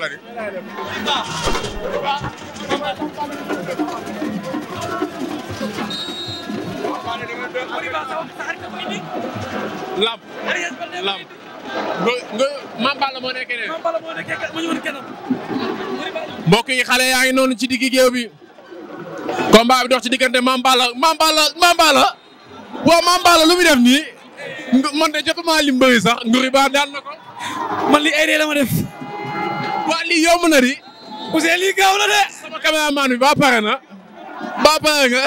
yàlla de. Lamb. Lamb. nga xale yaa ngi noonu ci diggi géew bi. combat bi dox ci diggante Mame Balla Mame Balla lu muy def nii. man de jotuma lim sax Ngourouba daan na ko. man li la ma def. waa lii yomb na di. Ouzin lii gaaw na de. sama caméraman bi ba pare na. ba pare nga.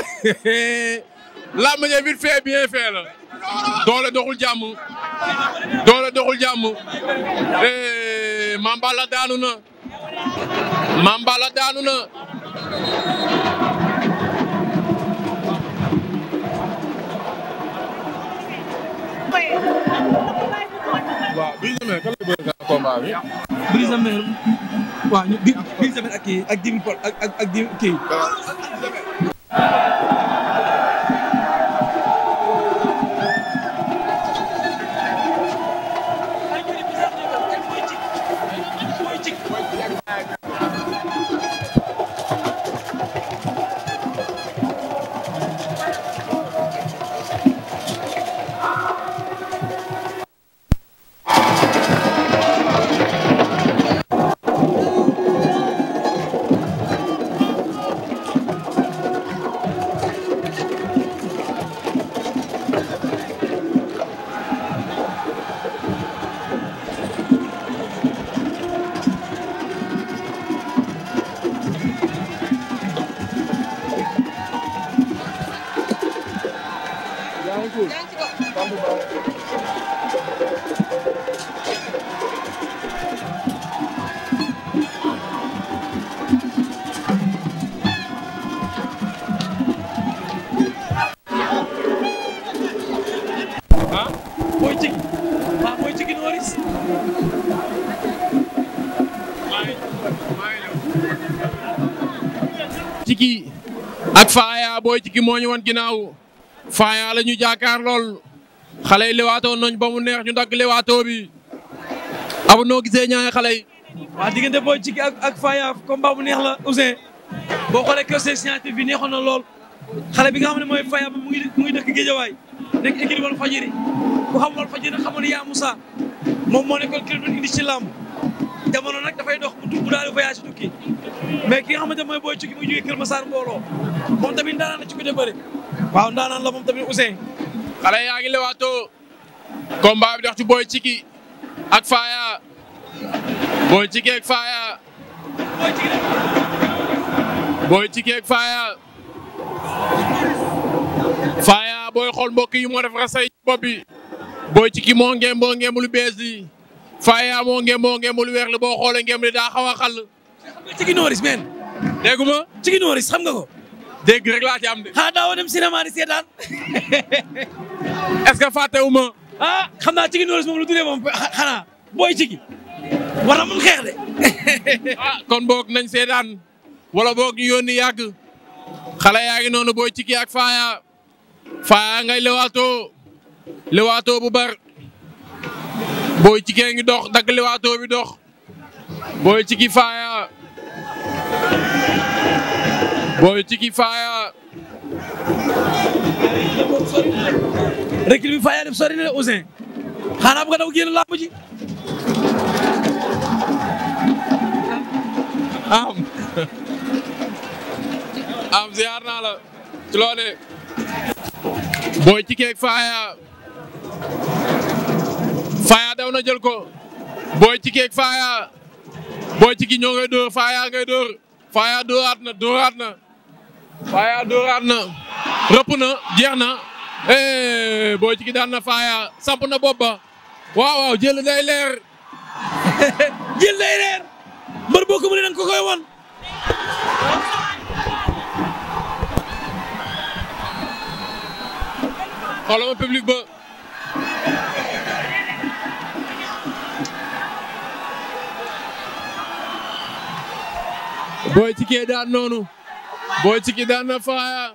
la ma ñëw vite fait bien doole doxul jàmm. doole doxul jàmm. Eh, Mambala daanu na. Mambala daanu na. waaw Brise de Mer kan la bëri gànnaaw combat bi. Brise de Mer waaw ñu Brise de Mer ak kii ak Djibi Paul ak ak ak kii. Boy Djiky moo ñu wan ginnaaw Faaya la ñu jaakaar lool xale yi lewaatoo nañ ba mu neex ñu dagg lewaatoo bi abu noo gisee ñaari xale yi. waaw diggante Boy Djiky ak ak Faaya combat mu neex la Ousseyn boo xoolee conseil scientifique bi neexoon na lool xale bi nga xam ne mooy Faaya mu ngi mu ngi dëkk Géejawaay nekk équipe Walfadjri ku xam Walfadjri nag xamoon yaa Moussa moom moo nekkoon kër indi ci làmb jamono nag dafay dox mu tukku daal di voyage tukki mais ki nga xamante mooy booy tukki mu jógee Kër Massar mbooloo moom tamit ndaanaan la ci côté bëri waaw ndaanaan la moom tamit Ousseyn. xale yaa ngi lewaatoo combat bi dox ci booy ciki ak faaya booy ciki ak faaya booy ciki ak faaya faaya booy xool mbokk yi moo def rasay bopp bi booy ciki moo ngeen moo ngeen lu bees yi Faaya moo ngem moo boo xoolee ngem li daa xaw a xàll. rek laa ci de. ah daawoo dem di seetaan. est-ce que fàttewu ma. ah xam naa ci ginooris moom lu tuddee moom xanaa booy ci gi xeex de. Ah, kon boog nañ seetaan wala boog ñu yónni yàgg xale yaa noonu booy ci gi ak Faaya ngay lewaatoo lewaatoo bu bar. Boy Thieky ngi dox dagg liwaatoo bi dox Boy Thieky Faya Boy Thieky Faya. recul bi Faya def sori na de Ouzin xanaa bu nga daw génn làmb ji. am am ziar naa la ci loole Boy Thieky ak Faya. Faaya daw na jël ko Boy Thiki ak Faaya Boy Thiki ñoo ngay dóor Faaya ngay dóor Faaya dóoraat na dóoraat na Faaya dóoraat na rëpp na jeex na eh Boy Thiki daan na Faaya samp na bopp ba waaw waaw jël day leer jël day leer mbër boo ko mënee dañ ko koy won xoolal ma public ba. Boy Thiki daan noonu Boy Thiki daan na Faaya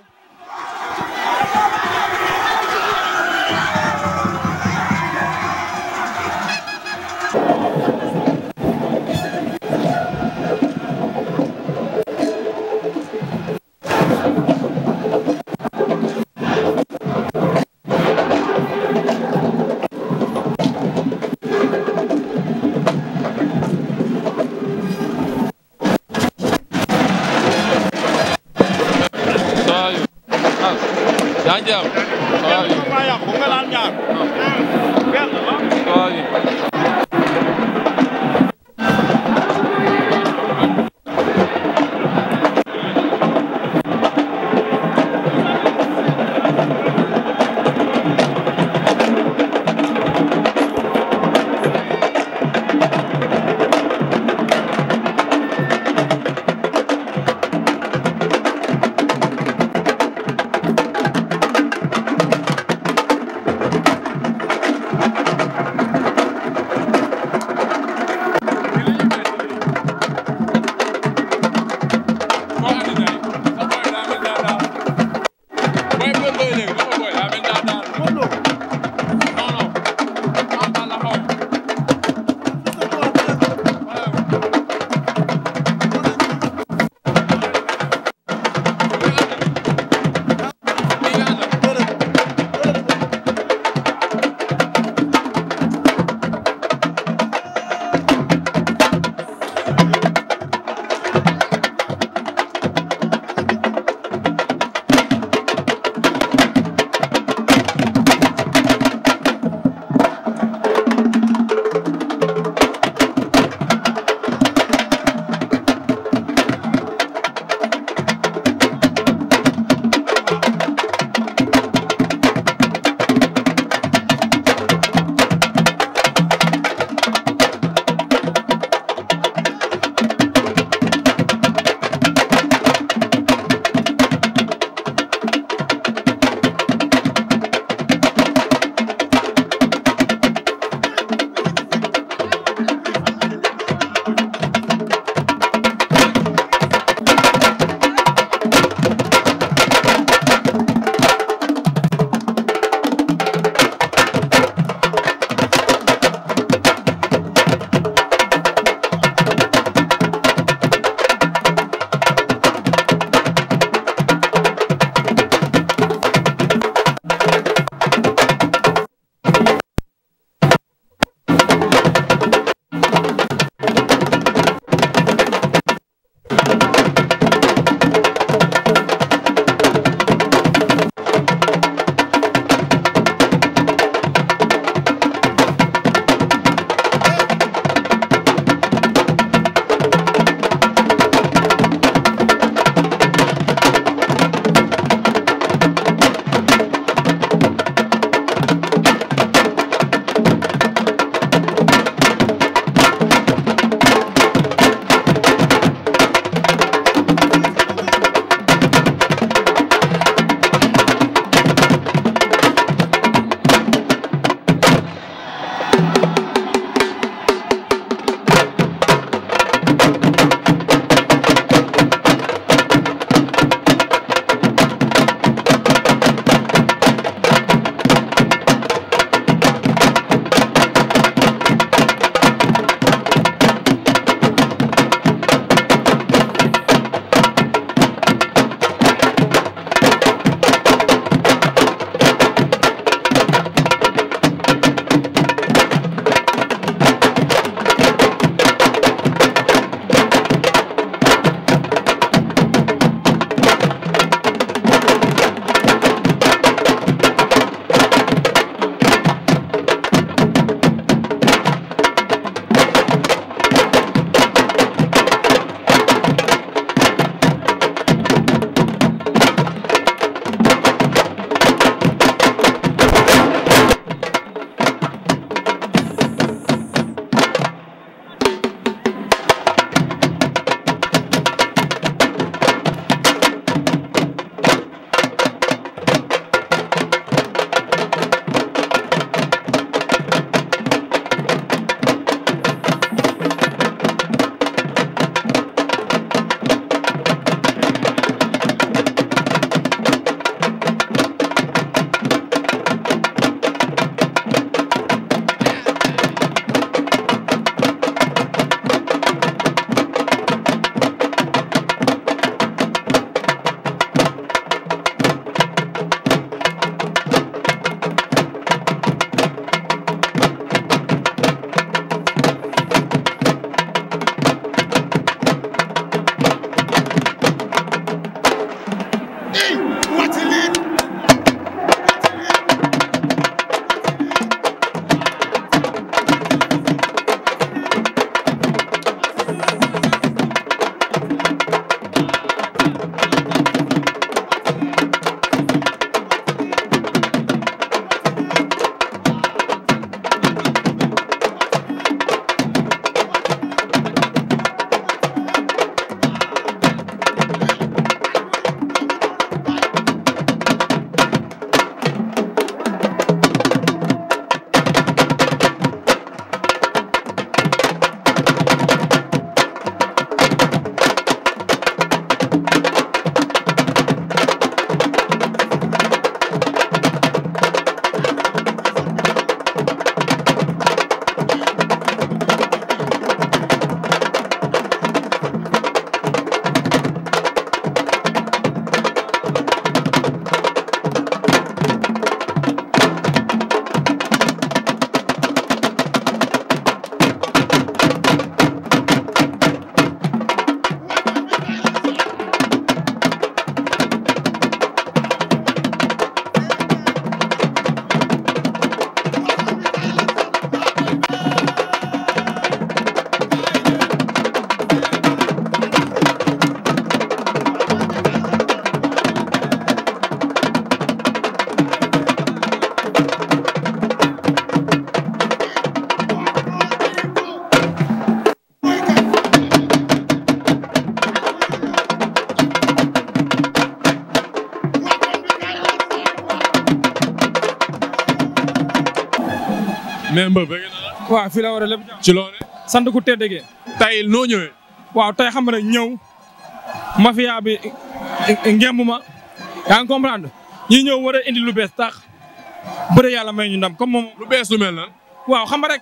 fii la war a lépp. ci loolu sant ku tedd gi. tey noo ñëwee. waaw tey xam nga ne ñëw mafia bi ngemb ma yaa ngi comprendre ñi ñëw war indi lu bees tax bëri yàlla may ñu ndam comme moom. lu bees lu mel na waaw xam nga rek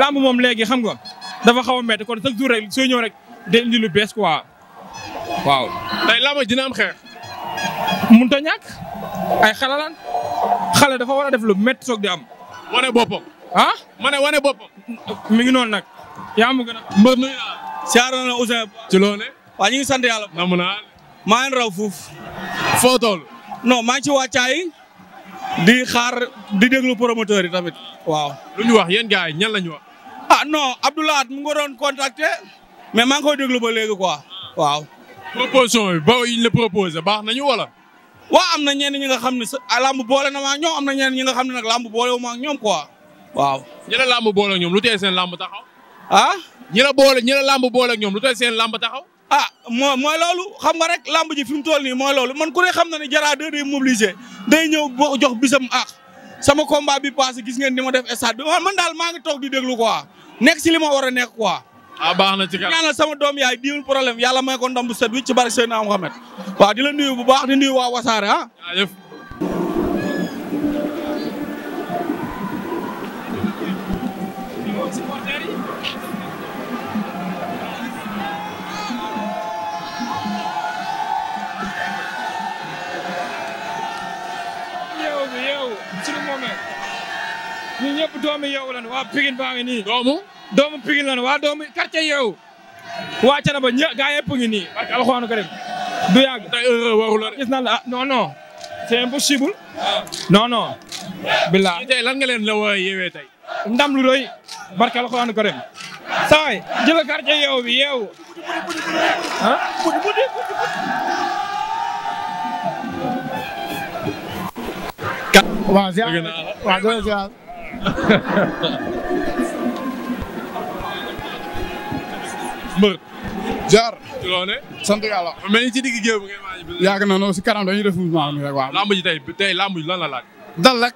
làmb moom léegi xam nga dafa xaw a métti kon soo ñëw rek day indi lu bees quoi waaw. tey làmb dina xeex. mënut a ay xalalaan xale dafa war a def lu métti soog di am. wane boppam. ah ma ne wane boppam. mi ngi noonu nag. yaa ma gën a. mbër nuyu naa la. siyaare waa ñu ngi sant yàlla. na maa ngi raw fuuf. foo toll. non maa ngi ci wàccaay di xaar di déglu promoteur yi tamit. waaw lu ñu wax yéen gars yi ñan la ñu wax. ah non Abdoulaye mu ngi doon contacter. mais maa ngi koy déglu ba léegi quoi. waaw. proposition ba yi la proposé baax nañu wala. waaw am na ñenn ñi nga xam ne sa ah, làmb boole na ma ak ñoom am na ñenn ñi nga xam ne boole wu ma ñoom quoi. waaw. ñi la làmb boole ak ñoom lu tee seen làmb taxaw. ah ñi la boole ñi làmb boole ñoom lu tee seen làmb taxaw. ah moo mooy loolu xam nga rek lamb ji fi mu toll nii mooy loolu man ku ne xam na ne Jara deux day mobiliser day ñëw boo jox bisam ak ah, sama combat bi passé gis ngeen ni ma def stade bi man daal maa ngi toog di déglu quoi nekk si li ma war a nekk quoi. ah baax na ci kan ñaanal sama doom yaay diwul problème yàlla may ko ndam bu set wi ci seen Seydina Mohamed waaw di la nuyu bu baax di nuyu waa Wasaare ah. ñëpp doomi yeewu lan waa Pikine baa ngi nii. doomu doomu lan waa doomu quartier yeewu. waa Canaba ñë gaa yëpp ngi nii barke alxuraan karim du yàgg. tey heure waru la gis na la ah, non non. c'est lan nga la waa yeewee ndam lu doy barke alxuraan karim saa yi jël quartier yeewu bi yeewu. ah. waaw ziar waaw mbër. jaar. loone sant ci digg géew bi ngeen waaj bi. si kanam dañuy def mouvement bi rek waaw. lamb tey tey lan la dal rek.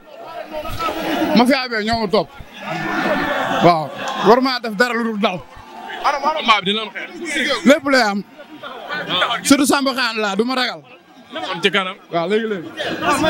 ma fi abee ñoo ma topp. waaw. war maa def dara lu dul dal. combat lay am. Ah. surtout Samba Xaan laa du ma ragal. kon ci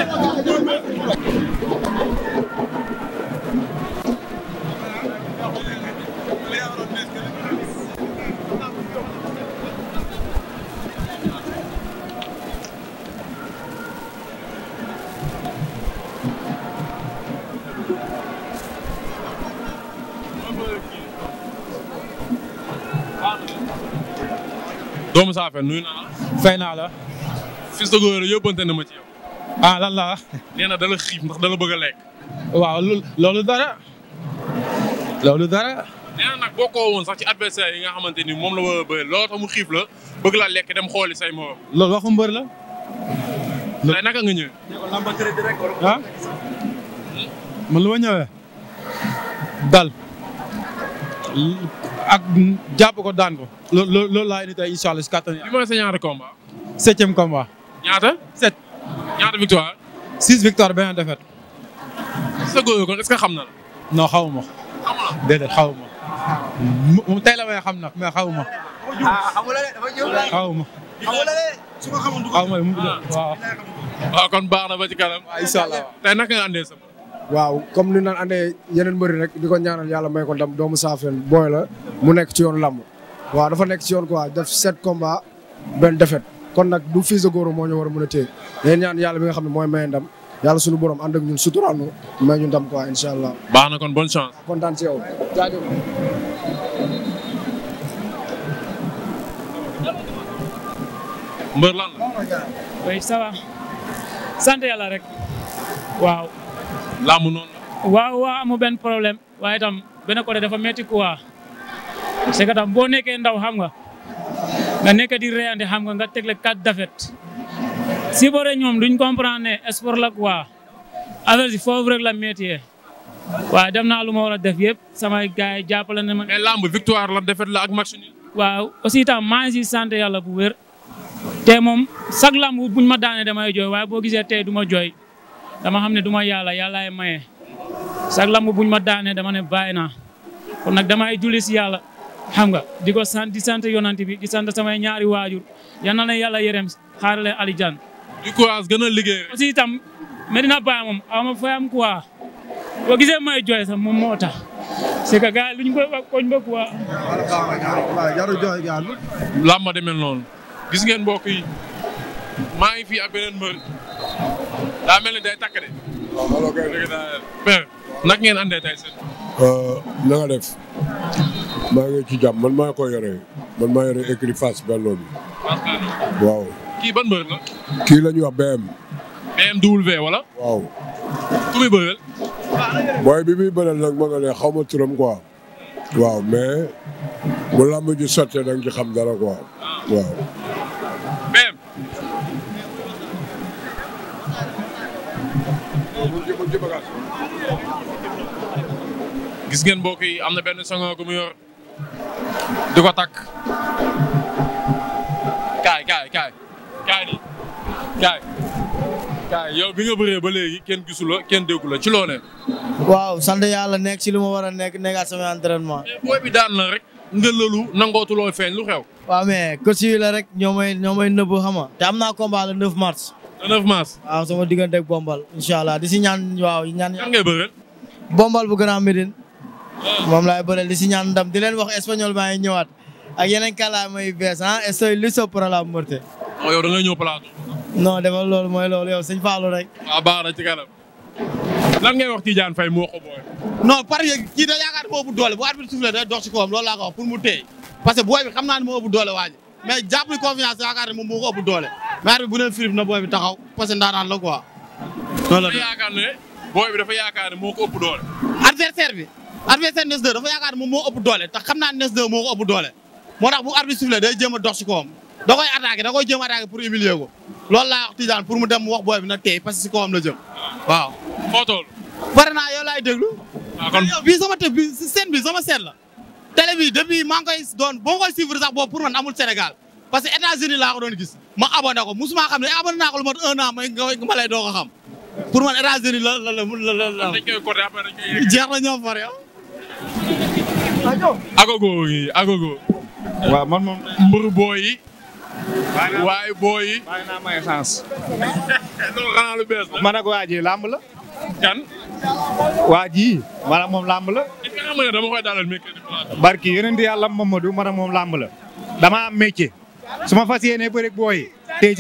doomu saafe nuyu naa la. fay naa la. Fils de Gora yóbbante na ma ci yow. ah la. nee na dala xiif ndax dala bëgg a lekk. waaw loolu dara. loolu dara. nee nag bokkoo woon sax ci adversaire yi nga xamante ni moom la war a bëri looloo tax mu xiif la bëgg laa lekk dem xooli say morom. loolu waxu mbër la. tey naka nga ñëwee. ah. man lu ma ñëwee. dal. ak jàpp ko daan ko loolu loolu laa indi tey incha allah si kattan yi. bi mooy sa ñaata combat. septième combat. ñaata. sept. ñaata victoire. six victoire benn défaite. sa góor kon est-ce que xam na no non xaw ma. xaw ma déedéet xaw ma. mu tey la may xam nag mais xaw ma. ah xamul la de dafa jiw la xaw ma. xamul la de su ma xamul du ah. ko. Ah, xaw ma waaw. waaw kon baax na ba ci kanam. waaw incha nga andee waaw comme ni naan andee yeneen mbëri rek di ko ñaanal yàlla may ko ndam doomu saafeen booy la mu nekk ci yoon làmb waaw dafa nekk ci yoon quoi def sept combat benn defet kon nag du Fils de Gora moo ñu war a a téye day ñaan yàlla bi nga xam ne mooy may ndam yàlla suñu borom ànd ak ñun suturaal ñu may ñu ndam quoi incha allah. baax na kon bonne chance. kontaan ci rek waaw. làmb noonu waaw waaw amu benn problème waaye tam benn côté dafa métti quoi parce que tam boo nekkee ndaw xam nga nga nekk di reyandi xam nga nga tegle quatre dafet si boore ñoom duñ comprendre ne sport la quoi affaire si foofu rek la métier waaw def naa lu ma war a def yëpp samay gars yi jàppale na ma. mais làmb victoire la défaite la ak match waa waaw aussi tam maa ngi si sant yàlla bu wér te moom chaque làmb buñ ma daane damay jooy waaye boo gisee tey du ma jooy. dama xam ne du ma yàlla yàllaay maye sax lamb buñ ma daane dama ne bàyyi naa kon nag damay julli si yàlla xam nga di ko sant di sant yonanti bi di sant samay ñaari waajur yal na leen yàlla yërëm xaarale alijan di courage gën a liggéey aussi itam Medina Baye moom aw ma fayam quoi boo gisee may jooy sax moom moo tax c'est que gars luñ koy wax koñ ba quoi jaru jooy gaal lamb gis ngeen mbokk maa ngi fi ak daa mel ni day de. waaw ngeen andee tey seen. Euh, na nga def maa ngi ci jàmm man maa ko yore man maa yore écurie Fass bi. waaw. kii ban mbër kii la ñuy wax BM. BM double wala. waaw. ku muy bi muy bëreel ma nga ne xaw ma turam quoi. waaw mais bu làmb ji sottee da nga ci xam dara quoi ah. waaw. gis ngeen mbokk yi am na benn sangoor gu mu di ko takk kaay kaay kaay kaay ni kaay yow bi nga ba léegi kenn gisu kenn déggu la ci loo ne waaw sant nekk ci li ma war a nekk nekkaat sama entraînement booy bi daan rek nga lëlu nangootuloo feeñ lu xew waaw mais coach rek ñoo nëbb xama te am naa combat le 9 mars le 9 mars waaw sama diggante ak bombal incha di si ñaan waaw ñaan kan bombal bu Grand moom laay bëreel di si ñaan ndam di leen wax espagnol baa ngi ñëwaat ak yeneen kàllaama yu bees ah estoy listo para la muerte. non yow da ngay ñëw plateau. non defal loolu mooy loolu yow sëñ rek. waaw ah, baax na ci kanam. lan ngay wax Tidiane Faye moo booy. non parce que yaakaar moo ëpp doole bu arbitre soufflé day dox ci laa ko wax pour mu téye parce que booy bi xam naa ne moo ëpp doole waa ji mais jàpp confiance yaakaar moo ko ëpp doole mais arbitre bu leen firib na booy bi ta parce que ndaanaan la quoi. loolu bi dafa yaakaar ne moo ko ëpp adversaire Ness 2 dafa yaakaar moom moo ëpp doole tax xam naa Ness 2 moo ëpp doole moo tax bu arbitre sifflé day jéem a dox si kawam da koy attaqué da koy jéem a ko loolu laa wax Tidiane pour mu dem wax booy bi na tey parce que si kawam la jëm waaw. foo toll. naa yow laay déglu. Ah, bii sama tëb bi seen sama seet la. télé bi depuis maa ngi koy doon boo koy suivre sax boobu pour man amul Sénégal parce que États-Unis laa doon gis ma abonné ko musuma ma xam pour man agogo yi waaw man moom mbër booy yi. waaye booy yi. bàyyi naa may la. man ak làmb la. waa ji maanaam moom làmb la. est-ce que xam nga dama bi. yàlla Mamadou man moom làmb la. dama am métier. su ma fas yéenee bëri booy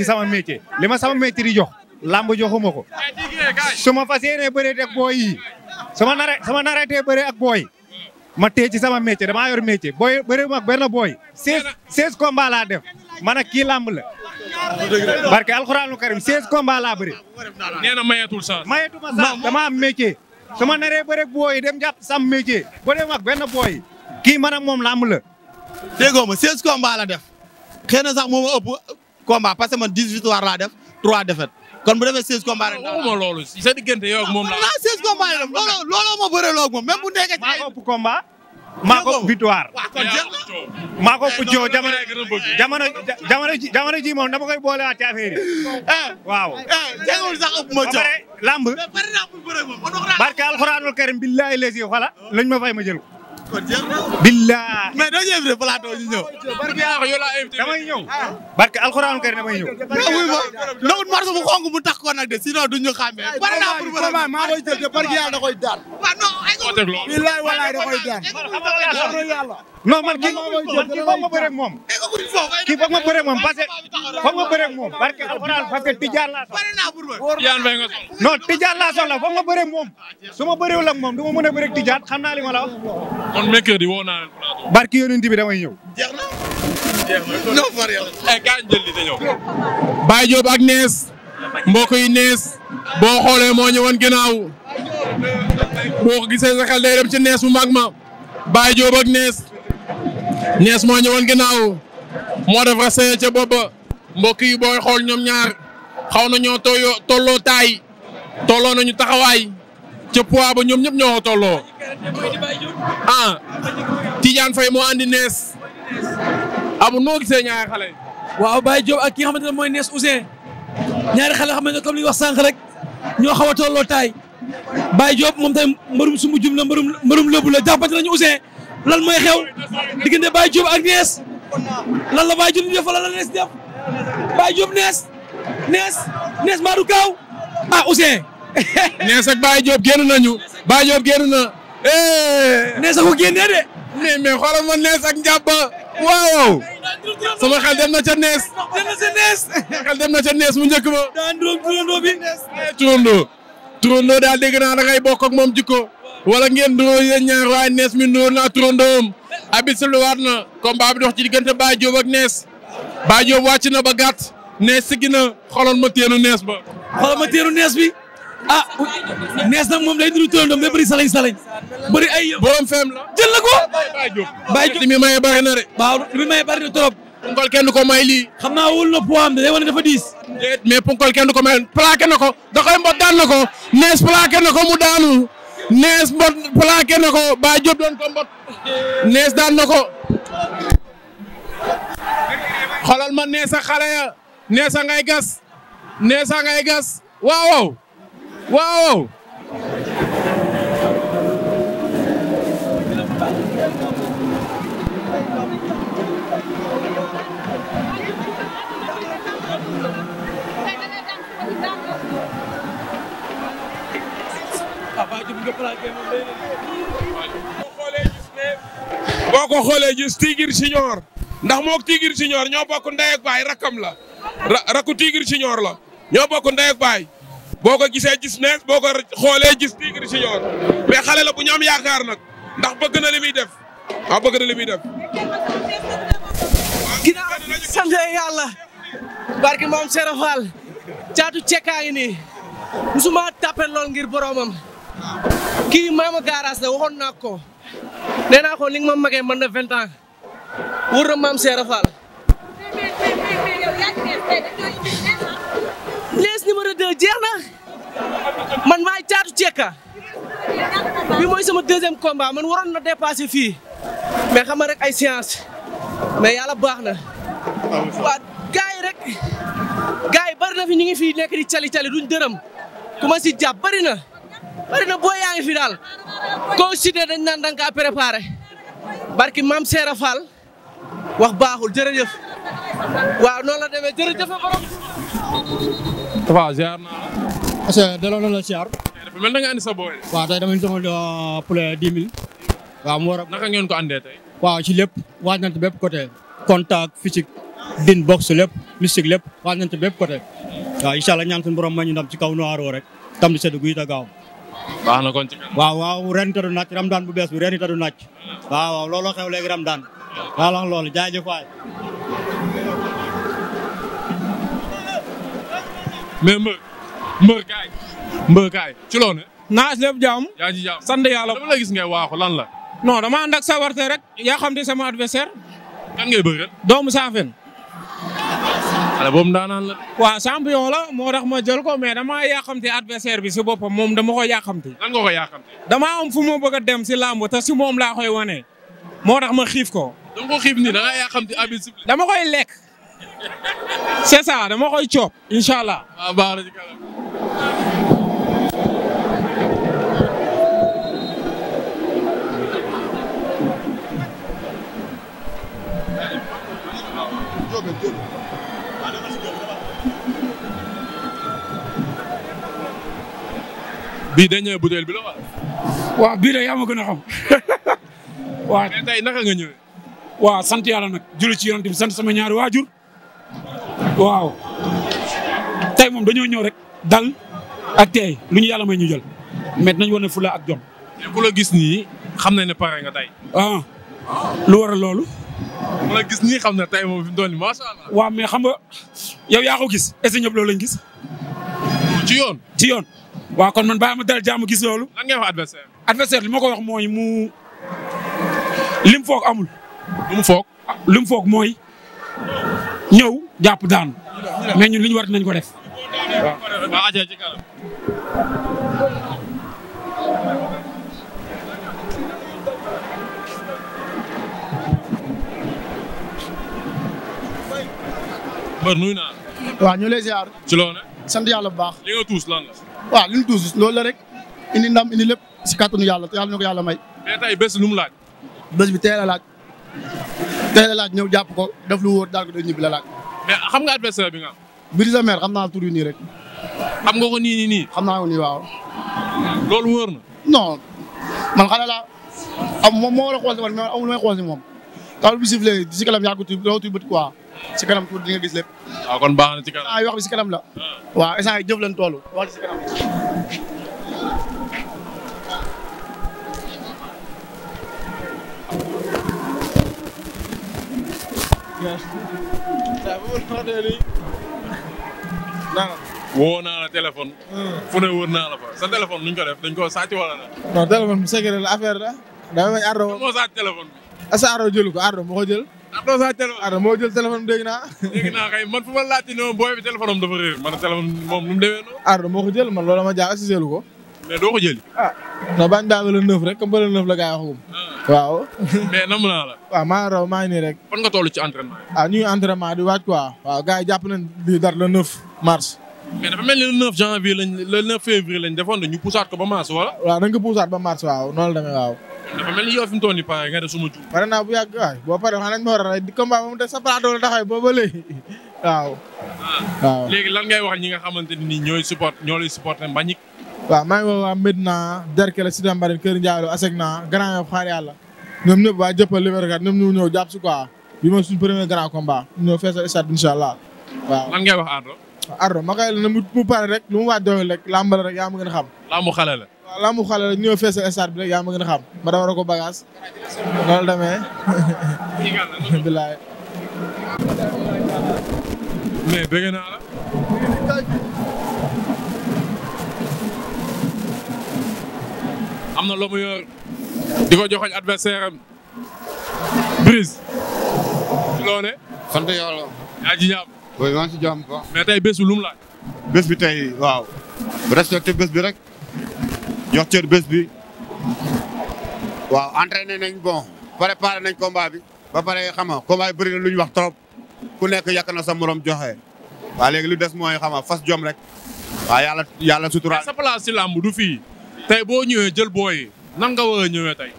sama métier li ma sama métier di jox. làmb joxuma ko. su ma fas yéenee bëree ak booy yi. su ak booy ma téye ci sama métier damaa yor métier booy bëri mag benn booy. seize seize laa def man kii làmb la. barke alxuraanu karim seize combats laa bëri. nee na mayeetul sax. mayeetu ma sax dama am métier. naree bëri booy dem jàpp sam métier. bëri mag benn booy. kii man ak moom làmb la. déggoo ma seize def. xëy sax moo ma ëpp combat parce que laa def trois défaites. kon bu defee seize combats rek. waxuma loolu si sa diggante yow ak moom la. ah seize combats la looloo looloo ma bëree loo ak moom même bu nekkee. maa ko ëpp combat maa ko ëpp victoire. waaw kon jeex na maa ko ëpp coow eh, jamono jamono jamono ji jamono ji moom dama koy boolewaat ci affaire yi. Eh, waaw. Eh, jéegul sax ëpp ma coow ba pare lamb. barke alxuraanul karim billaahi lazi xala oh. luñ ma fay ma jël ko. kon jeex na. billaay mais doo ñu invité plateau ñu ñëw. barke yàlla yow laa invité damay ñëw. barke alxuraan kër damay ñëw. wuy ma ndawut morso bu naa pour bëri maa maa koy jël te barke yàlla da koy daan. waaw non man kii man kii foog nga bëreeg moom. kii foog nga bëreeg moom parce que foog nga bëreeg moom parce que alxuraan parce que tijaan laa soxla. non tijaan laa soxla foog nga bëreeg moom su ma bëreewul ak moom du ma mën a bëreeg tijaan xam naa li ma la wax. kon mercredi woo naa leen. barki yonent bi damay ñëw. jeex na non far yow. gaa eh, njël li dañoo. Baye Diop ak Nees mbokk yi Nees boo xoolee moo ñëwoon ginnaaw boo ko gisee sa xel day dem ci Nees bu mag ma Baye Diop ak Nees. nees moo ñëwoon ginnaaw moo def rassin ca booba mbokk yi booy xool ñoom ñaar xaw na ñoo tooyoo tolloo taay tolloo nañu taxawaay ca poids ba ñoom ñëpp ñoo tolloo ah Tidiane Faye moo andi Ness abu noo gisee ñaari xale waaw Baye Diop ak ki nga xamante ne mooy Ness Ouzin ñaari xale xamante ne comme li wax sànq rek ñoo xaw a tolloo taay Baye Diop moom tamit mbërum sumbu jum la mbërum mbërum lëbu la jàppante lan mooy xew diggante Baye Diop ak Nees lan la Baye Diop la Nees def Baye Diop Nees Nees Nees maa du kaaw ah Ousseyn. Nees ak Baye Diop génn nañu Baye Diop génn na. Eh. Nees a ko génnee de. mais mais xoolal Nees ak njàpp waaw sama xel dem na ca Nees. na ca Nees. xel dem na ca Nees mu njëkk ma. daan turandoo bi. turandoo turandoo daal dégg naa da bokk moom jikko. wala ngeen dóor yéen ñaar waaye nees mi dóor naa turandoom abit selu waat na combat bi dox ci diggante Baye ak nees Baye Diop na ba gat nees siggi na xoloon ma teenu nees ba xoloon ma teenu nees bi a ah, nees na moom day duru turandoom day bëri salañ salañ bëri ay borom feem la jël na ko Baye Diop Baye Diop li muy maye bëri na de waaw li muy maye trop punkol kenn du ko may lii xam naa wul na poids am de day wane dafa diis mais punkol kenn du ko may plaqué na ko da koy mbot ko nees mbot plaqué na ko ba jot doon ko mbot nees daan na ko xoolal ma nees a xale ya nees a ngay gas nees a ngay gas waaw waaw waaw boo ko xoolee gis Tigre Junior ndax mook Tigre siñoor ñoo bokk ndey ak baay rakkam la rakku Tigre Junior la ñoo bokk ndey baay boo ko gisee gis nees boo ko xoolee gis Tigre Junior mais xale la bu ñu am yaakaar ndax bëgg na li muy def ah bëgg na li muy def. ginnaaw sant yàlla barki moom Serap Fall caatu cekkaa ngi nii musuma tàppee lool ngir boromam. kii maama garage la waxoon naa ko nee naa ko li nga ma magee mën na vingt ans wër na maam Seera Fall. lees numéro jeex na man maay caatu cekka bii mooy sama deuxième combat man waroon na dépassé fii mais xam nga rek ay science mais yàlla baax na. waa gars yi rek gars yi bari na fi ñu ngi fi nekk di cali cali duñ dërëm ku ma si jàpp bari na. bari na boo yaa ngi fi daal koo cité dañ naan da nga kaa préparé barki maam Seera wax baaxul jërëjëf waaw noonu la demee jërëjëf borom. waaw ziar naa la. parce que delloo na la sa booy. waaw tey dama ñu sama poulet 10 000. waaw mu war a. naka ngeen ko andee tey. waaw ci lépp waaj nañu bépp côté contact physique din box lépp mystique lépp waaj nañu bépp côté waaw incha allah ñaan suñu borom ma ñu ndam ci kaw noiro rek tam di sedd guy gaaw. baax na kon ci kanam. waaw waaw ren tëdu bu bees bi ren tëdu naaj. waaw waaw looloo xew léegi lool loolu jaajëf waay. mais mbë mbër ci loone naas lépp jaam. yaa ngi ci jaam sant yàlla. dama gis ngay lan la. non dama ànd ak sawarte yaa xam te sama adversaire. kan doomu saafeen. xale boobu ndaanaan la. waaw champion la moo tax ma jël ko mais damaa yàqamti adversaire bi si boppam moom dama ko yàqamti. lan nga ko yàqamti. damaa fu ma bëgg a dem si làmb ta si moom laa koy wane. moo tax ma xiif ko. dama ko xiif nii da ngaa yàqamti abis. dama koy lekk c'est ça dama koy coob bii dañ ñëwee butéel bi la wala. waaw gën a xam. waaw mais tey naka nga ñëwee. waaw sant yàlla nag julli ci yonent bi sant sama ñaari waajur. waaw tey moom dañooy ñëw rek dal ak tey lu ñu yàlla may ñu jël mais nañ wane fula ak jom. gis nii xam na ne pare nga tey. ah lu waral loolu. ku la gis nii xam ne tey moom fi mu doon macha allah. waaw xam nga yow yaa ko gis est ce ñëpp lañ gis. ci yoon ci yoon. waaw kon man baa ma dal jàmm gis loolu. lan ngay wax ma ko wax mooy mu lim foog amul. lu foog. Ah, lu foog mooy ñëw jàpp daanu. mais ñun li ñu war nañ ko def. waaw. mbër nuyu ñu lay ziar. ci loolu sant yàlla bu baax. li waaw li ñu tuus loolu la rek indi ndam indi lépp si kàttanu yàlla te yàlla na ko yàlla may. mais tey bés lu mu laaj. bés bi teel a laaj teel laaj ñëw jàpp ko def lu wóor daal ko doon ñibbi la laaj. mais xam nga adversaire bi nga am. Brise Mer naa tur yu nii rek. xam nga ko nii nii nii. xam naa ko nii waaw. loolu wóor na. non man xanaa la am moom moo war a xool si man mais amul may xool si moom. taw bi sifflé bët quoi. si kanam tuuti di nga gis lépp. waaw ah, kon baax na ci kanam. ay ah, wax bi si kanam la. Ah. waaw instant yii jëf leen toolu wax ci si kanam. woo naa la téléphone. Hmm. fu ne wër naa la fa sa téléphone nuñ ko def dañ ko sàcc wala na. non téléphone bi secret la affaire la. dama bañ ardo moo sàcc téléphone bi. asa ardo jëlu ko ardo moo ko jël. am na sa moo jël téléphone dégg naa. dégg naa kay dafa réer man téléphone nu mu demee noonu. Adama moo ko jël man loolu ma jaaxal si jëlu ko. doo ko jëli. ah non bañ la neuf rek comme ba la neuf la gaa waxagum. Ah. waaw. mais nam naa la. waaw maa raw ngi nii rek. fan nga toll ci entraînement ah ñu ngi entraînement di waaj quoi. waaw gars yi jàpp nañ di date le 9 mars. mais dafa mel ni le 9 janvier lañ le 9 lañ defoon ñu poussaat ko ba mars wala. waaw nañ ba mars waaw noonu la waaw. dafa mel ni pare naa bu yàgg waay boo paree xanaa nañ ma war a rey di combat ba mu des sa plateau la taxawee waaw. Ah. lan ngay wax ñi nga xamante ni ñooy support ñoo lay supporté Mbagnick. waaw maa ngi woowu waa Medina Derkele Sida Mbarène Kër Ndiallo Asegna Grand Yoff xaar yàlla ñoom ñëpp waa jëppal Liberté kat ñoom ñoo ñëw jàpp si quoi bi mooy suñu premier grand combat ñoo feesal stade bi allah waaw. lan ngay wax Ardo. Ardo ma koy la mu pare rek lu mu waaj doyul rek rek yaa ma a xam. la. waaw laa xale rek ñëw fees stade bi rek yaa ma gën a xam ba dama ko bagage loolu demee bilaay mais bëgg naa am na lu di ko joxoñ adversaire am Brise loo ne sant yaa ji ñaam tey bés bi lu laaj bés bi tey waaw respecté bés bi rek jox cër bés bi. waaw entraîné nañ bon préparé nañ combat bi ba pare xam nga combat yi bëri na lu ñu wax trop ku nekk yàq na sa moroom joxe waaw léegi lu des mooy xam nga fas jom rek waaw yàlla yàlla suturaal. sa place si làmb du fii tey boo ñëwee jël booy nan nga war a ñëwee tey.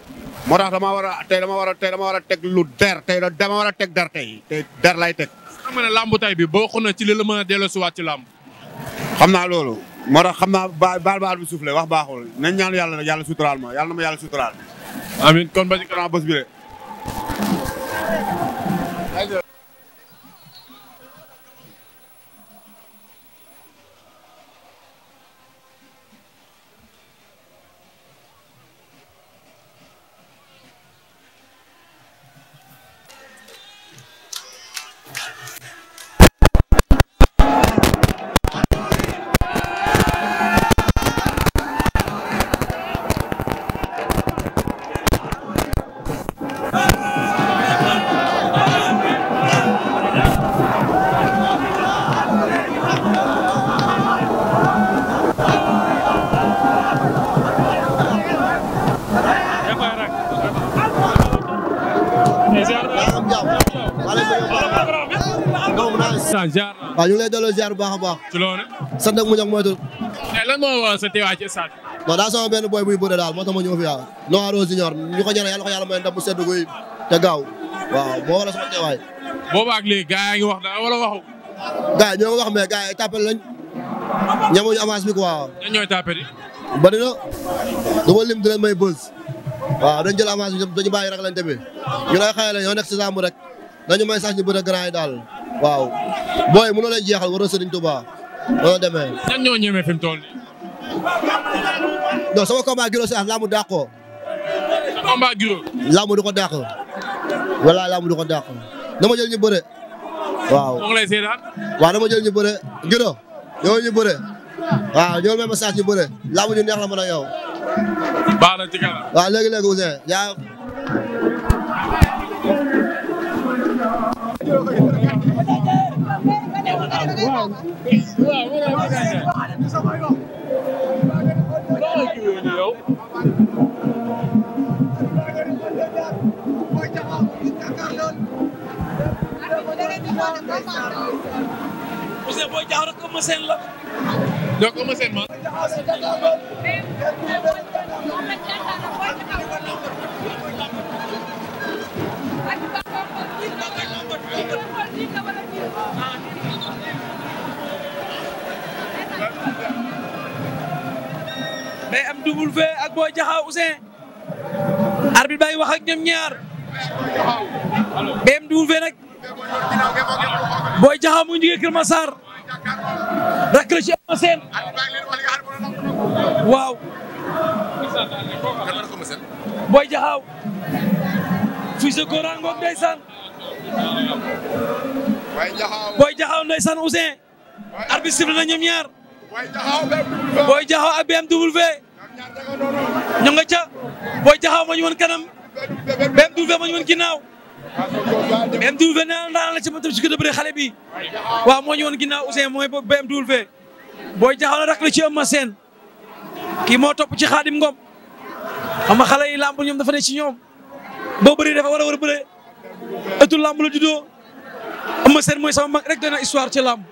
moo tax dama war a tey dama war a tey dama war a teg lu der tey dama war a teg dar tey der lay teg. xam nga ne làmb tey bi bokk na ci li la mën a delloosiwaat ci làmb. xam naa loolu. moo tax xam naa baal baal bi suuf la wax baaxul nañ ñaan yàlla rek yàlla suturaal ma yàlla na ma yàlla suturaal. amiin kon ba ci kanam bés bi de. naa ziar naa. waaw ñu ngi lay delloo ziar bu baax a baax. ci loolu. sant ak mu njëkk moytu. mais lan moo waral sa teewaay ci stade. non daa sama benn boy buy bëre daal moo tax ma ñëw fi waaw. Noah Rose Junior ñu ko ñaanal yàlla ko yàlla may ndam bu sedd guy te gaaw waaw moo waral sama teewaay. boobaa ak léegi gars yaa ngi wax dara wala waxu. gars yi ñoo wax mais gars yi tàppale lañ ñamuñu avance bi quoi. ñan ñooy tàppale. bari na dama lim di leen may buzz. waaw dañ jël avance bi dañu bàyyi rek lañ demee ñu lay xayma ñoo nekk si làmb rek dañu may sax ñu bëre grand yi daal waaw. bo mënoo leen jeexal war na Serigne Touba loolu demee. ñan ñoo ñeme fi mu toll non sama combat giro si laamu dàq ko. combat giro. laamu du ko dàq. wala laamu du ko dàq. dama jël ñu bëre. waaw moo ngi lay seetaan. waaw dama jël ñu bëre giro yow la mën a yow. Ousseyn booy jaaxal rek Eumeu Sène la. donc Eumeu Sène ma. ah. day am double V ak Boy Jaxaw Ousseyn arbitre bay wax ak ñoom ñaar BMW nag Boy Jaxaw mu ngi jógee Kër rakk la ci Eumeu Sène waaw Boy Jaxaw fils de Kora ngoog ndeysaan Boy Jaxaw ndeysaan ñaar Boy Diakhao ak BMW ñu nga ca Boy Diakhao ma ñu woon kanam BMW ma ñu woon ginnaaw BMW nee naa la ci ma tëb si gën a bëri xale bi waaw moo ñu woon ginnaaw Ousseyn mooy BMW Boy Diakhao la rak la ci Eumeu Sène kii moo topp ci Khadim Ngom xam nga xale yi làmb ñoom dafa ne ci ñoom boo bëri dafa war a war a bëre ëttu làmb la juddoo Eumeu Sène mooy sama mag rek doy na histoire ci làmb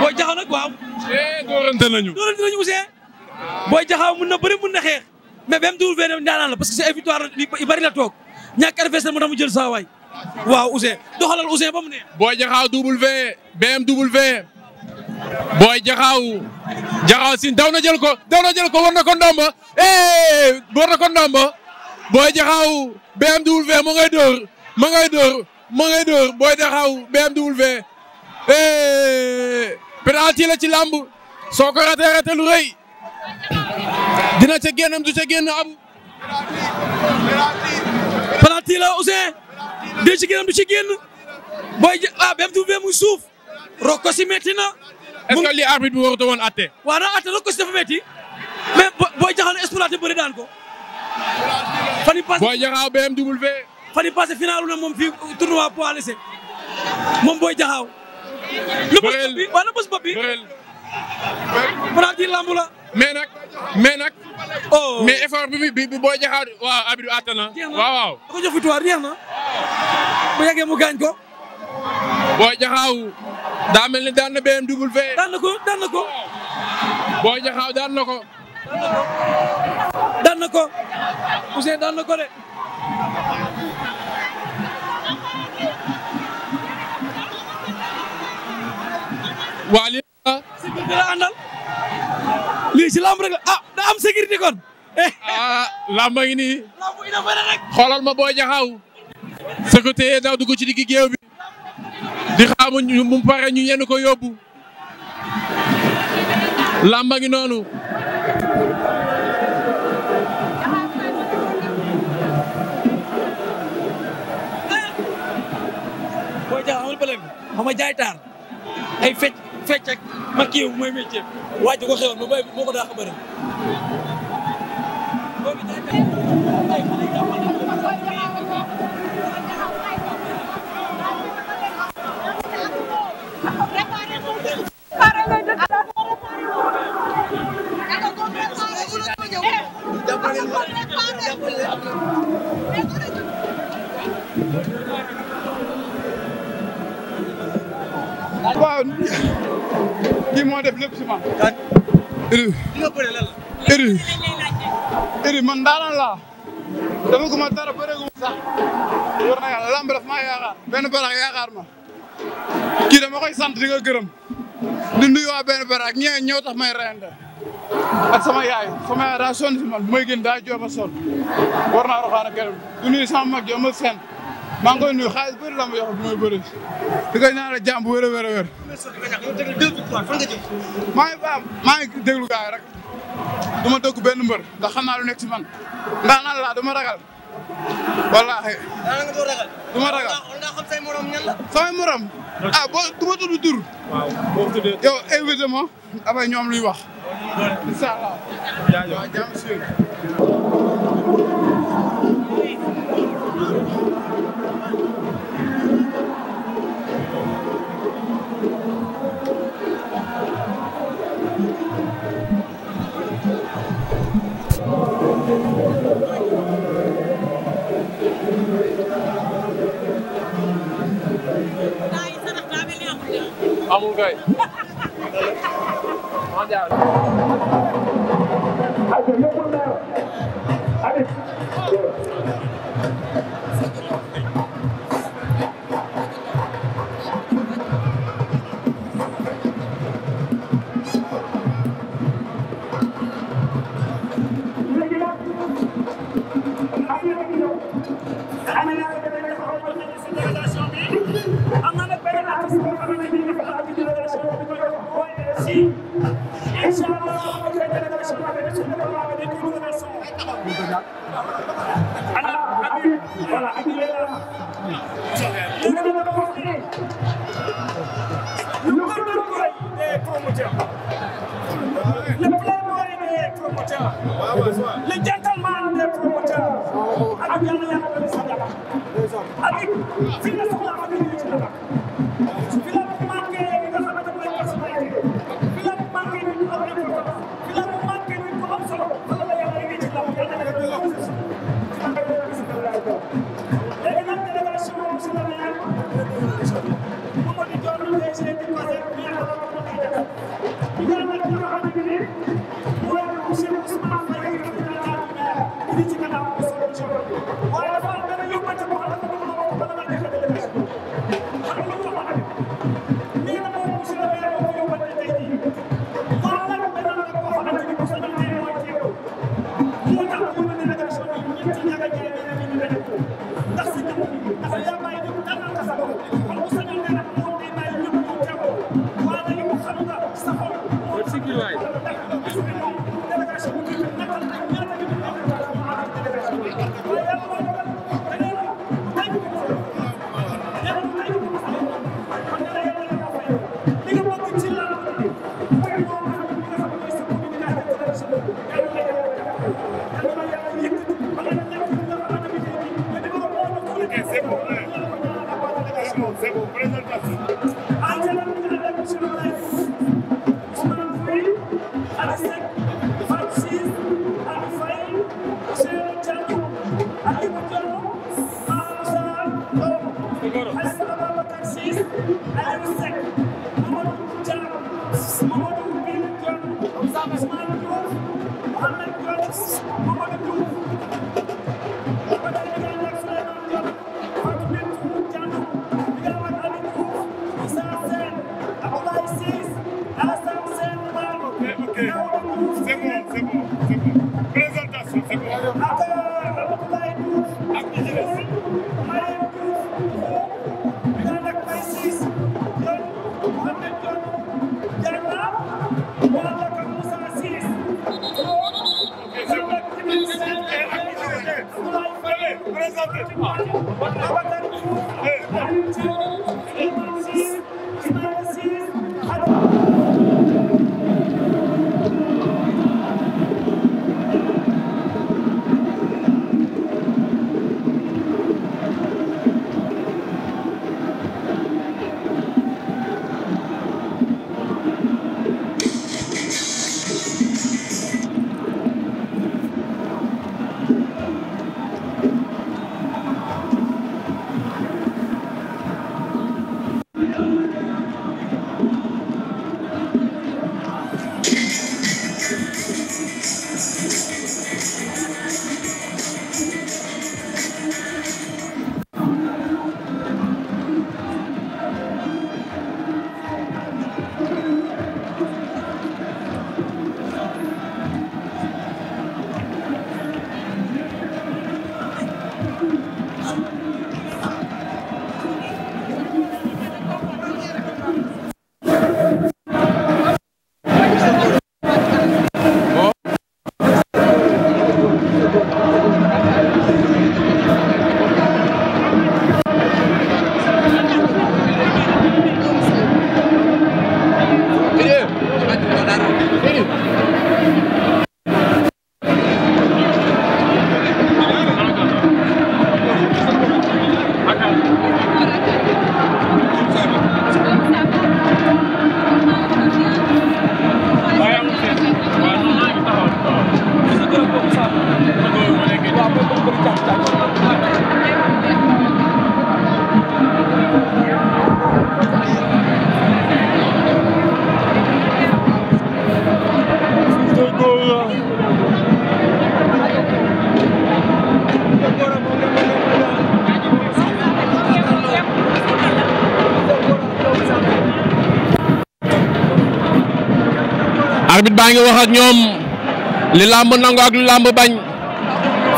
booy jaxaw nag waaw. doorante eh, nañu doorante nañu Ousseyn. booy jaxaw mun na bëri mun na xeex. mais même duur benn ndaanaan la parce que c'est victoire yu bëri la toog ñàkk adversaire moo tax mu jël saa waaw Ousseyn doxalal Ousseyn ba mu neex. booy jaxaaw W BMW. booy jaxaaw jaxaaw sin daw jël ko daw jël ko war na ko ndomba booy jaxaaw BMW mu ngay ma ngay dóor ma ngay dóor booy jaxaaw BMW eh penalty la ci làmb soo ko ratee rate lu rëy dina ca du ca génn abu penalty la Ousseyn dina ci génnam du ci génn booy ah bépp du mu suuf rok si métti na. est-ce que li arbitre bi warut a atte. waaw non atte rok si dafa métti mais booy jaxal exploité bëri daan ko. fan yii passé booy jaxaaw na moom fii tournoi poids moom booy jaxaaw. lu bës bi wala bës bopp bi. bëreel lamb la. mais nag mais nag. oh mais effort bi bi bi booy jaxaat waaw Abidou àtt waaw waaw da ko bu mu gaañ ko. jaxaaw daa mel ni daan na BMW. daan na ko daan na ko. booy jaxaaw daan na ko. daan na ko. Ousseyn daan na ko de. waa lii. sécurité lamb rek la ah daa am sécurité kon. Eh. ah lamb ngi nii. lamb yi dafa rek. ma booy jaxaw. sécurité daw dugg ci diggi géew bi. di xaamu mu pare ñu yenn ko yóbbu. lamba ngi noonu. booy jaxaw amul problème jaay taar fecc ak man kii mooy métier waaj ko xewoon ma bay moo ko daa xabaare waaw moo def man. Idy. Idy. dama ko ma dara bëree gu ma sax. war na yaakaar benn barax yaakaar ma. kii dama koy sant di nga gërëm. di nuyu waa benn barax ñee ñëw tax may yaay sama yaay daa sonn si man bu may daa jooba sonn. war naa roxaan ak keneen sama mag joo seen. maa ngi koy nuyu xaalis bëri la ma yor bi may bëri di bu wér a wér a baam maa ngi déglu rek du ma dëgg benn mbër ndax xam naa lu nekk ci laa du ma ragal wallaahi. du ma ragal wala morom ñan ah, boo du ma tudd tur. waaw boo tuddee yow ñoom luy wax. incha allah. jaajëf waaw amul kay. promoteur. le playboy des promoteurs. le gentleman des promoteurs. ak yàlla yàlla baa ngi wax ak ñoom li làmb nangu ak li làmb bañ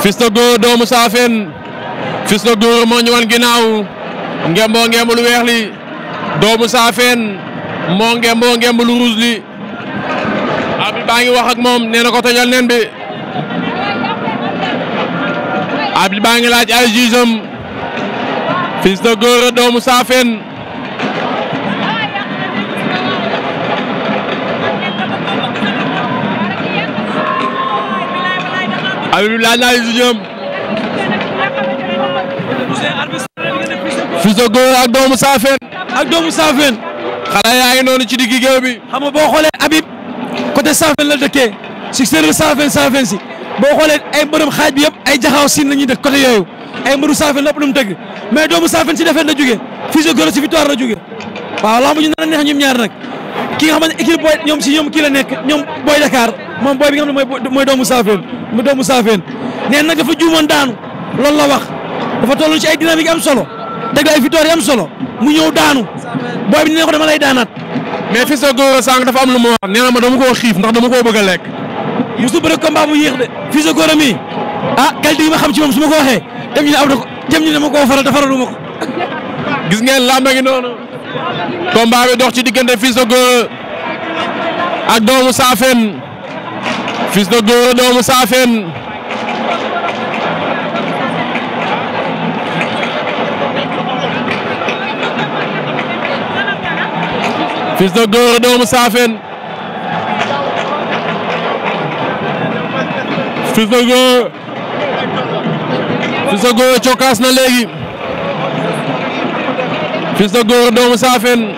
Fils de Góor doomu Saafeen Fils de Góor moo ñëwoon ginnaaw ngemboo ngemb lu weex li doomu Saafeen moo ngemboo ngemb lu ruus li abi baa ngi wax ak moom nee na ko tojal nen bi abi baa ngi laaj ay jugeem Fils de doomu Saafeen abi bi laaj naa Youssou Diop. Fils ak doomu Saafeen. ak doomu Saafeen. xale yaa ngi noonu ci diggi géew bi. xam nga boo xoolee Habib côté Saafeen la dëkkee si sëriñ Saafeen Saafeen si boo xoolee ay mbërëm xaaj bi yëpp ay jaxaw siin la ñuy dëkk côté yooyu ay mbëru Saafeen lépp lu mu tëgg mais doomu Saafeen si defeen la jógee Fils de Gora si victoire la jógee waaw làmb ñu nar a neex ñoom ñaar nag ki nga xamante équipe booy ñoom si ñoom kii la nekk ñoom booy Dakar. moom booy bi nga xam ne mooy mooy doomu saafeen mu doomu saafeen nee nag dafa juumoon daanu loolu la wax dafa tollu ci ay dynamique am solo dëgg la ay victoire am solo mu ñëw daanu booy bi nee ko dama lay daanaat. mais fii sa góor sànq dafa am lu ma wax nee na ma dama koo xiif ndax dama koo bëgg a lekk. musu bëre combat bu yéex de fii sa góor mii ah qualité yi ma xam ci moom su ma ko waxee dem ñu ne am na ko dem ñu ne ma koo faral te faralu ma gis ngeen làmb ngi noonu. dox ci diggante fii sa góor ak Fils de Gora doomu Saafeen Fils de Gora doomu Saafeen Fils de Gora Fils de Gora cokaas na léegi Fils de Gora doomu Saafeen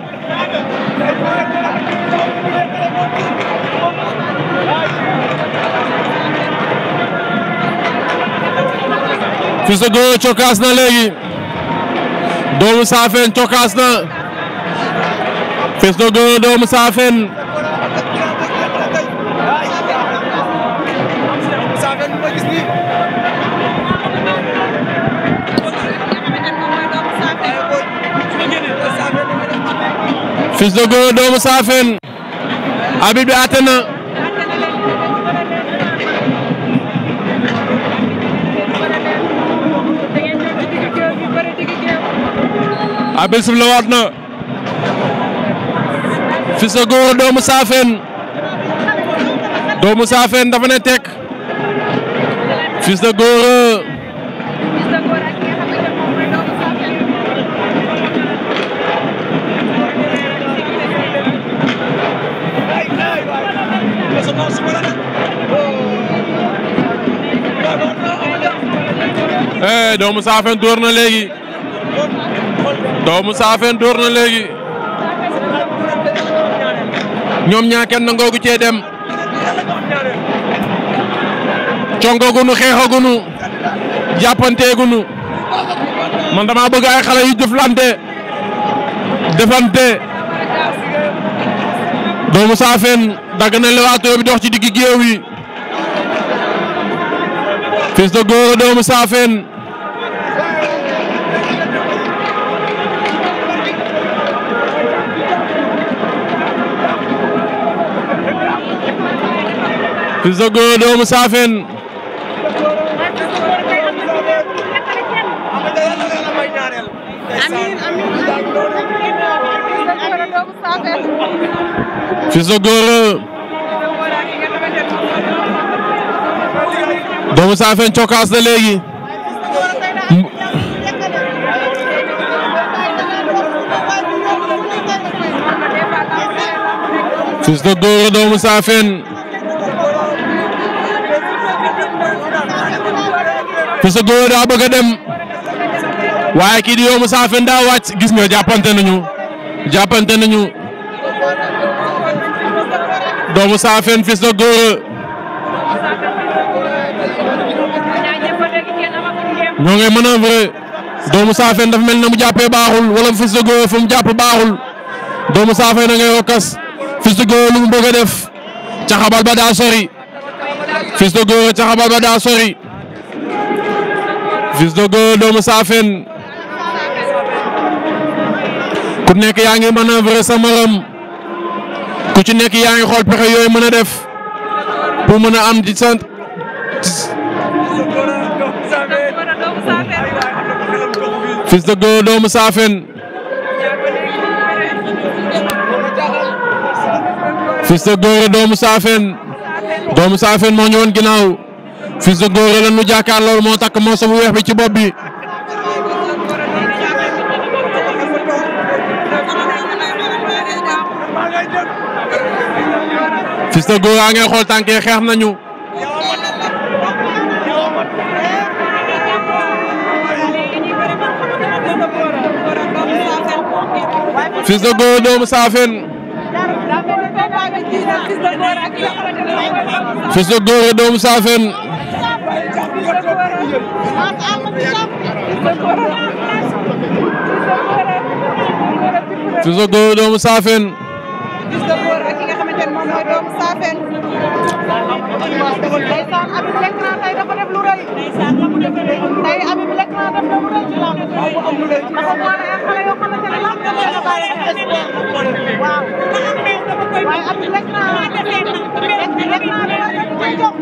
Fils de Gora cokaas na léegi doomu saafeen cokaas na Fils de Gora doomu saafeen Fils de Gora doomu saafeen Habib bi àtte na arbitre sif la waat na Fils de Gora doomu Saafeen dafa ne tek Fils de Gora eh, doomu Saafeen door na léegi doomu saafeen dóor na léegi ñoom ñaa kenn nangoogu cee dem congogunu xeexagunu jàppanteegunu man dama bëgg ay xale yu jëflante defante doomu saafeen dagg na lewaatoo bi dox ci digg géew yi fils de Gora doomu saafeen Fils de Gora doomu Saafeen Fils de Gora doomu Saafeen cokaas na léegi Fils de Gora doomu Saafeen Fils de Gora daa bëgg dem waaye kii di Yomou Safé daa wàcc gis nga jàppante nañu jàppante nañu doomu Safé Fils de Gora ñoo ngi manœuvre doomu Safé dafa mel na mu jàppee baaxul wala Fils de Gora fu jàpp baaxul doomu Safé na ngay wokkas Fils de lu mu bëgg def caxabal ba daa sori Fils de caxabal ba daa sori Fils de doomu Saafeen ku ci nekk yaa ngi xool pexe yooyu mën a def pour mën a am di sant. Fils de doomu Saafeen Fils de Gora Fils de Gora la nu jàkkaar loolu moo takk moo sabu weex bi ci bopp bi Fils de Gora ngay xool tànk yi xeex nañu Fils de Gora doomu Saafeen Fils de Gora doomu Saafeen Fils de Gora doomu Saafeen. Fils de Gora ak ki nga xamante ne moom mooy doomu Saafeen. ndeysaan Habib lekk naa tey dafa def lu rëy. tey Habib lekk naa def lu rëy ci lamb. dafa boole ay xale yoo xamante ne lamb dafa leen a bàyyi ak espoir. waaw waaye Habib lekk naa lekk naa lu rëy ci jox.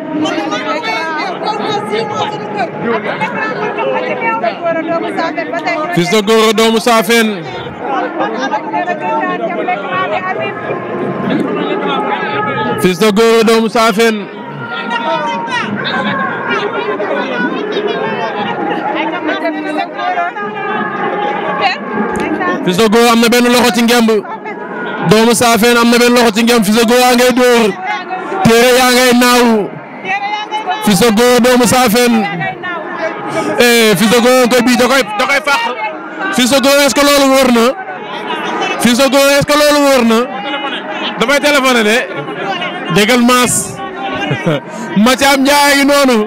Fils de Gora doomu Saafeen ba tey. Fils de Gora doomu Saafeen. Fils de Gora doomu Saafeen Fils de benn loxo ci ngemb doomu Saafeen am benn loxo ci ngemb Fils de Gora yaa naaw Fils doomu Saafeen eh Fils de Gora koy bii da koy da Fils de Gora que loolu wóor na. dafay téléphoné de. déggal maas. Mathiam Ndiaye noonu.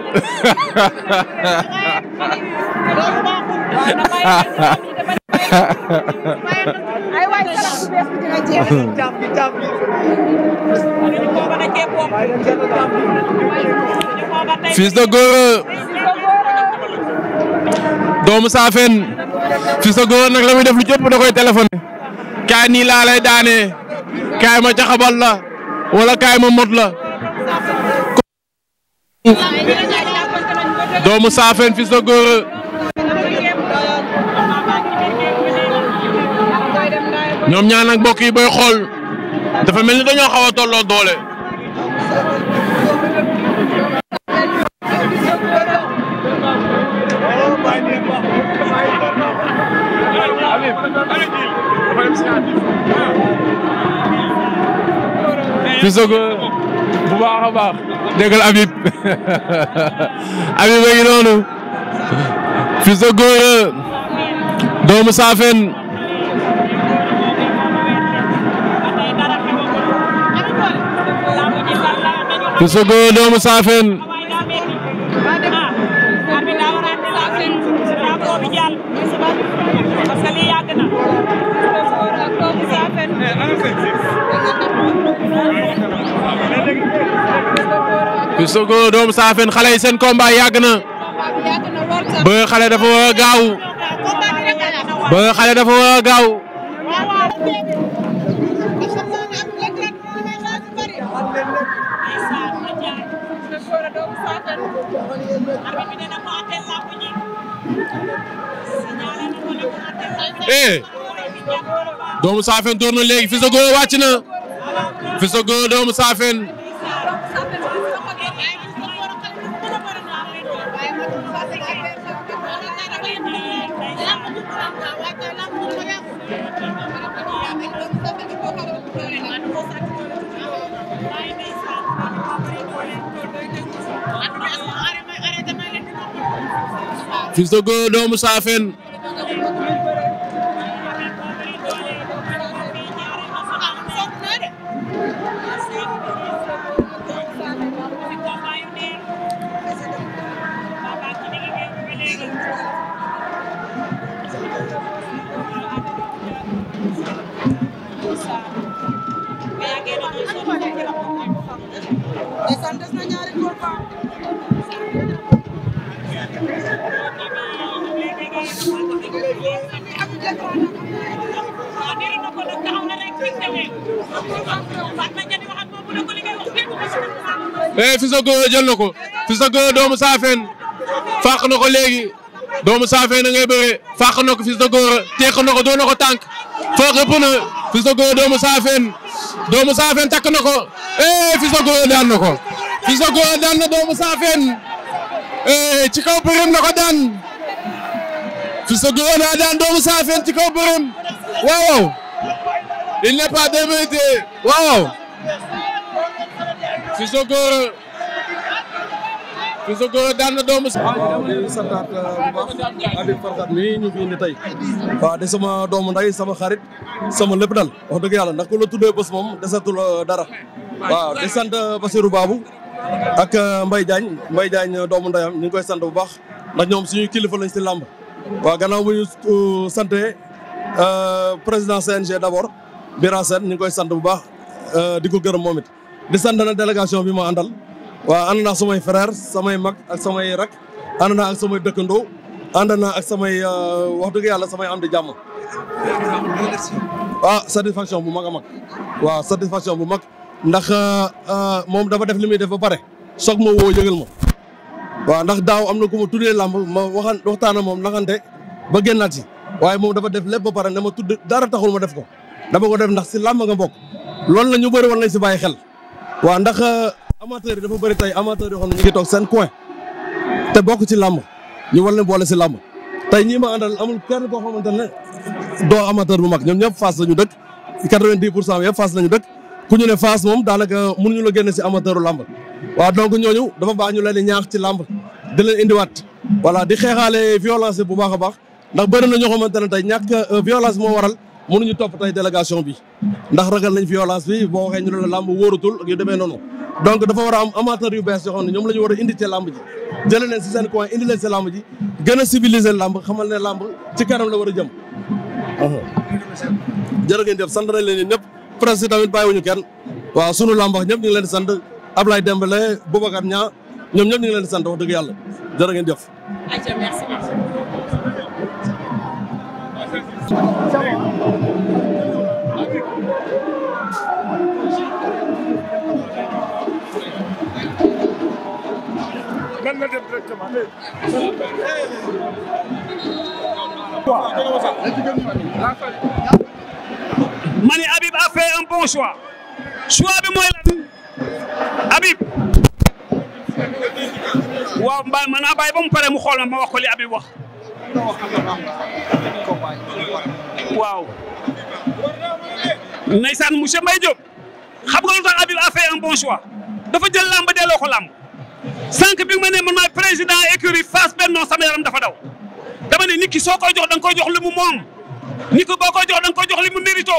Fils de doomu Safeen. Fils de nag la muy def lu jëpp da koy téléphoné. nii laa lay daanee kaay wala kaay mot la. doomu Saafeen Fils de ñoom ñaan nag mbokk yi booy xool dafa mel ni dañoo xaw a tolloo doole. Fissoko bu baax a baax déggal Habib Habib a ngi noonu Fissoko doomu Safen Fissoko doomu Safen Sogo doomu Saafeen xale yi seen combat yàgg na ba xale dafa war a gaaw ba xale dafa war a gaaw. eh doomu Saafeen door na léegi Fils de Gora wàcc na Fils de Gora doomu Saafeen. Fils de Gora doomu Saafeen Fisago jël ko Fisago doomu saafeen fàq na ko léegi doomu saafeen a ngay bëree fàq na ko doo teq na ko doon na ko tànk foo xëpp na doomu saafeen doomu saafeen takk na ko eh, daan na ko Fisago daan na doomu saafeen eh ci kaw bërëm na ko daan Fisago ci kaw bërëm waaw il n'est pas démérité waaw Fisago Fils de Gora daan doomu. waaw ah, di euh, tey waaw di sama doomu nday sama xarit sama lépp dal wax dëgg yàlla ndax ku la tuddee moom desatul euh, dara waaw di sant euh, Basirou Babou ak mbay Diagne Mbaye Diagne doomu ndayam ñu ngi koy sant bu baax ndax ñoom suñuy kilifa lañ si làmb waaw gannaaw bu ñu sante président CNG d'abord Bira Sène ñu ngi koy sant bu baax di ko gërëm moom it di sant na délégation bi ma àndal. waa ànd naa samay frère samay mag ak samay rek ànd naa ak samay dëkkandoo ànd ak samay euh, wax dëgg yàlla samay am di jàmm. ah satisfaction bu mag a mag waaw satisfaction bu mag ndax euh, euh, moom dafa def li muy def ba pare soog ma woo ndax daaw am na ku ma tuddee làmb ma waxaan waxtaan moom naxante ba génnaat ci waaye moom def lépp ba pare ne ma tudd dara taxul ma def ko dama ko def ndax si làmb nga bokk loolu la ñu bëri war nañ si bàyyi xel waaw ndax. amateur yi dafa bëri tey amateur yoo xam ne ñu ngi toog seen coin te bokk ci làmb ñu war leen boole si làmb tey ñii ma àndal amul kenn koo xamante doo amateur bu mag ñoom ñëpp Fass la ñu dëkk 90 pour cent yëpp Fass la ñu dëkk ku ñu ne Fass moom daanaka mënuñu la génne si amateur u làmb waaw donc ñooñu dafa baax ñu leen ñaax ci làmb di leen indiwaat voilà di xeexaale violence bu baax a baax ndax bëri na ñoo xamante ne tey ñàkk euh, violence moo waral mënuñu topp tey délégation bi ndax ragal nañ violence bi boo waxee ñu ne la làmb wóoratul ak yu demee noonu donc dafa war a am amateur yu bees yoo xam ne ñoom la ñu war a ci làmb ji jëlee si seen coin indi leen si làmb ji gën a civiliser làmb xamal ne làmb ci kanam la war a jëm jërë ngeen jëf sant nañ leen ñëpp presse tamit bàyyiwuñu kenn waaw sunu làmb wax ñëpp ñu ngi leen di sant Ablaye Dembélé Boubacar Niang ñoom ñëpp ñu leen di sant wax dëgg yàlla jërë ngeen jëf nan la dem directement mani Habib a fait un bon choix. choix bi mooy lan Habib. waaw mbaa man naa bàyyi ba mu pare mu xool ma wax ko li wax. waaw ndeysaan monsieur Mbaye Diop xam nga lu tax Habib a fait un bon choix dafa jël làmb delloo ko làmb sànq bi nga ma ne man maay président écurie Fass Benno sama yaram dafa daw dama ne nit soo ko jox da nga koy jox li mu moom nit boo koy jox da nga jox li mu mérito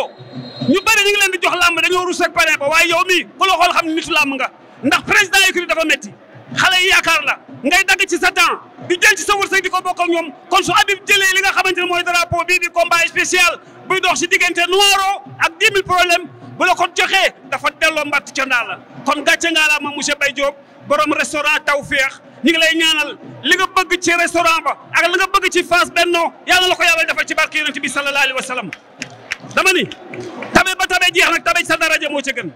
ñu bëri ñu ngi leen di jox làmb dañoo rus ak pare ba waaye yow mi ku la xool xam ne nitu nga ndax président écurie dafa metti xale yi yaakaar la ngay dagg ci sa temps di jël ci sa wërsëg di ko bokk ak ñoom kon su Habib jëlee li nga xamante ne mooy drapeau bii di combat spécial buy dox si diggante noiro ak 10 000 problème bu la ko joxee dafa delloo mbatt ca ndaa la kon gàcce ngaa la ma monsieur Baye Diop borom restaurant Tawfekh ñu ngi lay ñaanal li nga bëgg ci restaurant ba ak li nga bëgg ci Fass Benno yàlla la ko yàlla defal ci barke yonent bi sallallahu alayhi wa sallam dama ni tabe ba tabe jeex nag tabe sa daraja moo ca gën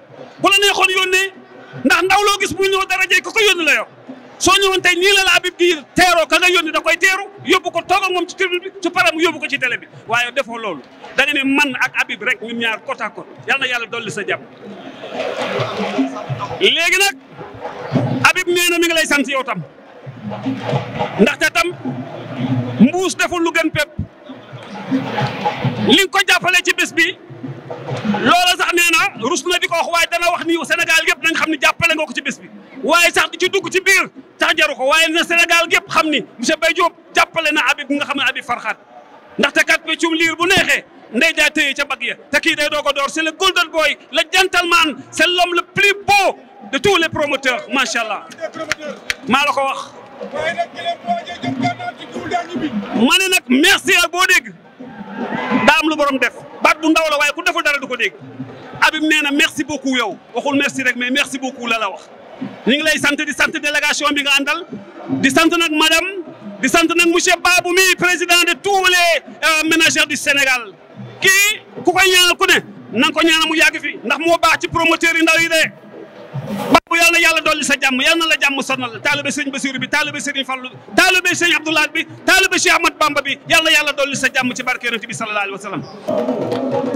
ndax ndaw loo gis muy ñëw dara jëy ko ko yónni la soo ñëwoon tey nii la la Habib Guèye teeroo ka yónni da koy teeru yóbbu ko toog moom ci tribune bi su param yóbbu ko ci télé bi waaye defoo loolu danga nga ne man ak Habib rek ñun ñaar côte à côte yal na yàlla dolli sa jàpp. léegi nag Habib nee na mi ngi la sant yow tam ndaxte tam mbuus deful lu gën pépp li ci bés bi. loola sax nee na rus na di ko waaye dana wax ni Sénégal yëpp nañ xam ne jàppale nga ko ci bés bi waaye sax di ci dugg ci biir sax jaru ko waaye na Sénégal yëpp xam ni monsieur Baye Diop jàppale na Habib nga xam ne Habib Farxat ndaxte kat bi cum liir bu neexee ndey daa téye ca bag ya te kii day doog a le golden boy le gentleman c'est l'homme le plus beau de tous les promoteurs macha allah maa la ko wax ne nag merci ak boo dégg daa am lu borom def at bu ndaw la waaye ku deful dara du ko dégg Habib nee na merci beaucoup yow waxul merci rek mais merci beaucoup la la wax ni ngi lay sant di sant délégation bi nga àndal di sant nag madame di sant nag monsieur Babou mi président de tous les euh, ménagères du Sénégal kii ku koy ñaanal ku ne na ko ñaanal mu yàgg fi ndax moo baax ci promoteurs yi ndaw yi de baabu yal na yàlla dolli sa jàmm yal na la jàmm sonal la taalibe sëñ Basiru bi taalibe sëñ Fallu taalibe sëñ Abdoulaat bi taalibe sëñ Ahmad Bamba bi yal na yàlla dolli sa jàmm ci barke yonent bi sallallahu alayhi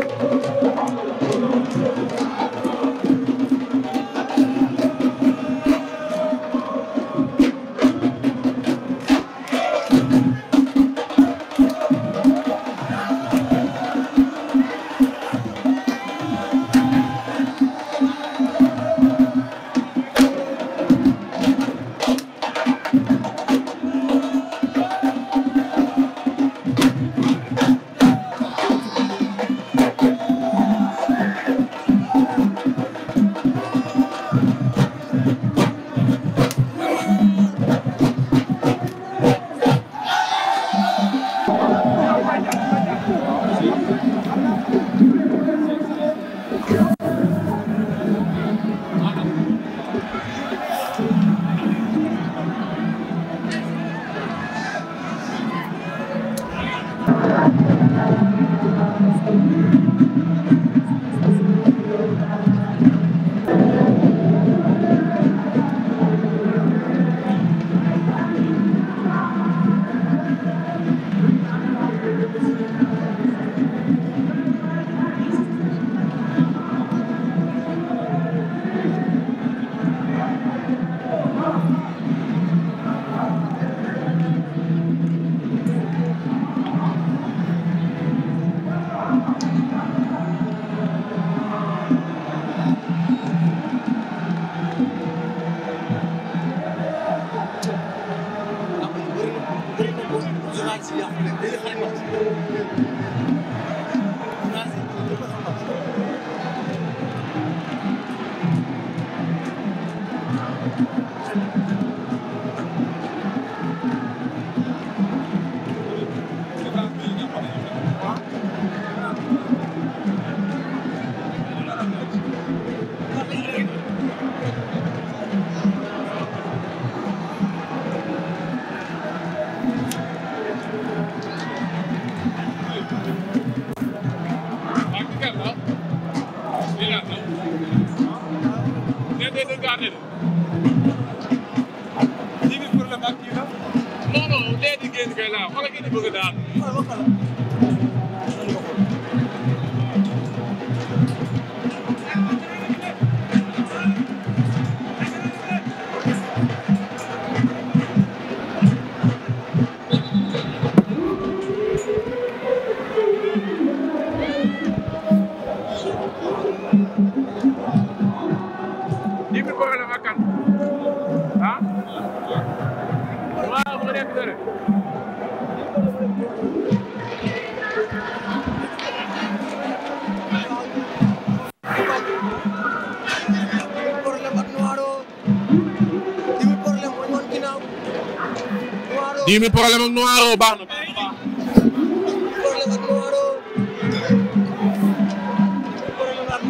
ñii mi problème ak noiro baax problème ak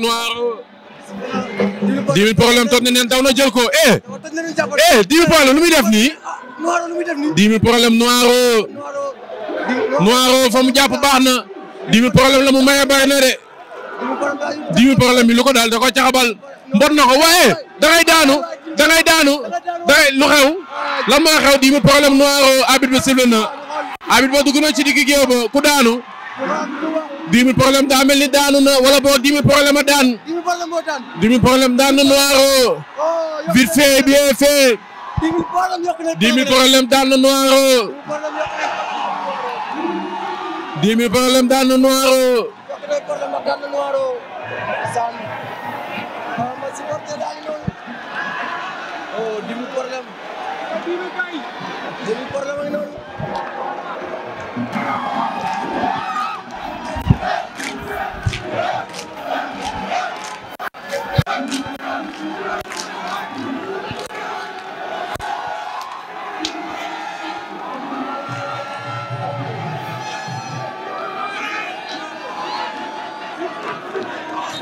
noiro. dix jël ko eh. eh problème lu def nii. dix problème noiro. noiro fa mu baax na. dix problème la mu maye bari na de. dix problème bi ko daal da ko caxabal. mbot na ko waaye dangay daanu dangay daanu dangay lu xew. la moo xew di mu problème noiro euh, arbitre bi na arbitre ba dugg na ci digg géew ku daanu dix mille problème ni daanu na wala boo dix mille a daan na noiro euh. oh, vite fait bien fait dix daan na noiro euh. dix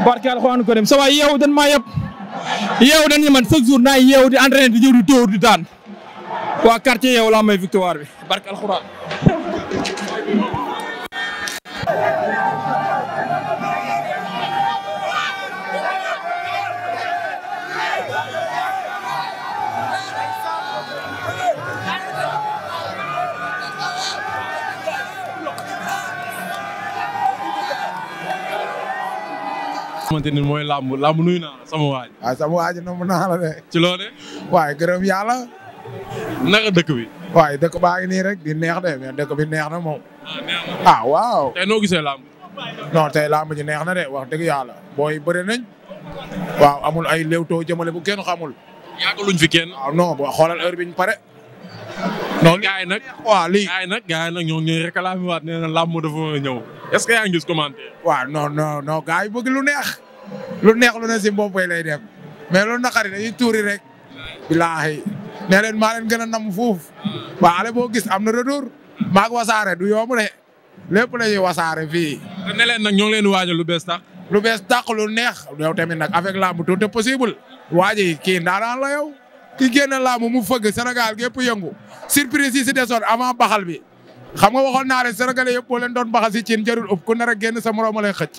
barke alxuraan karim sa waay yeewu dañ maa yëpp yeewu dañ ñu man chaque jour naa yeewu di entraîné di jëw di dóor di daan waa quartier yeewu laa may victoire bi barke alxuraan xamante ni mooy làmb làmb nuyu naa la sama waaj a sama waaj noonu naa la de ci loo de gërëm yàlla naka dëkk bi waaye dëkk baa ngi nii rek di neex de mais dëkk bi neex na moom ah, ah waaw tey noo gisee làmb non tey làmb ji neex na de wax dëgg yàlla booy bëri nañ waaw amul ay léewtoo jëmale bu kenn xamul yaakaluñ fi kenn waaw ah, non xoolal heure bi pare non gars yi nag waaw lii gars a nag gars yi nag ñoo ñooy réclamé waat nee est-ce que yaa ngi waaw non non non gars yi lu neex. lu neex lu ne si mboppay lay def mais loolu naqari dañuy tuuri rek. bilaahi nee leen maa leen gën a nam fuuf. waa ale boo gis am na retour. maag wasaare du yomb de lépp la ñuy wasaare fii. ne leen nag ñoo ngi leen waaj lu bees tàq. lu bees tàq lu neex yow tamit nag avec lamb tout est possible. waaj yi kii ndaanaan la yow. ki génn lamb mu fëgg senegal gépp yëngu surprise yi si desoon avant baxal bi. xam nga waxoon naar leen sénégalais yëpp boo leen doon baxal si cin jarul ëpp ku nar a génn sa morom lay xëcc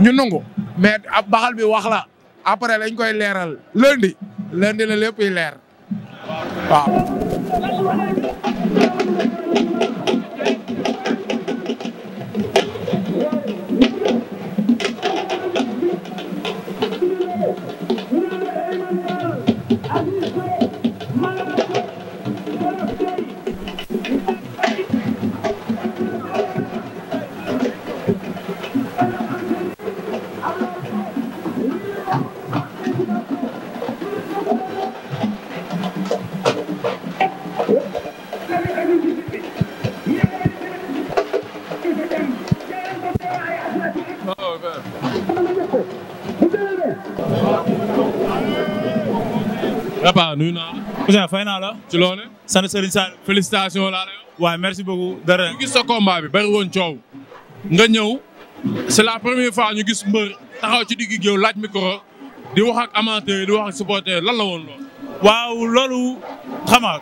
ñu nungu mais ab baxal bi wax la après lañ koy leeral lundi lundi la leer waaw Rapa nuyu naa la. Ousseyn fay naa la. laa lay wax. waaw merci beaucoup. dara ñu gis sa combat bari woon coow. nga ñëw c'est la première fois ñu gis mbër taxaw ci digg géew laaj micro di wax ak amateurs di wax ak supporters lan la waaw loolu xam nga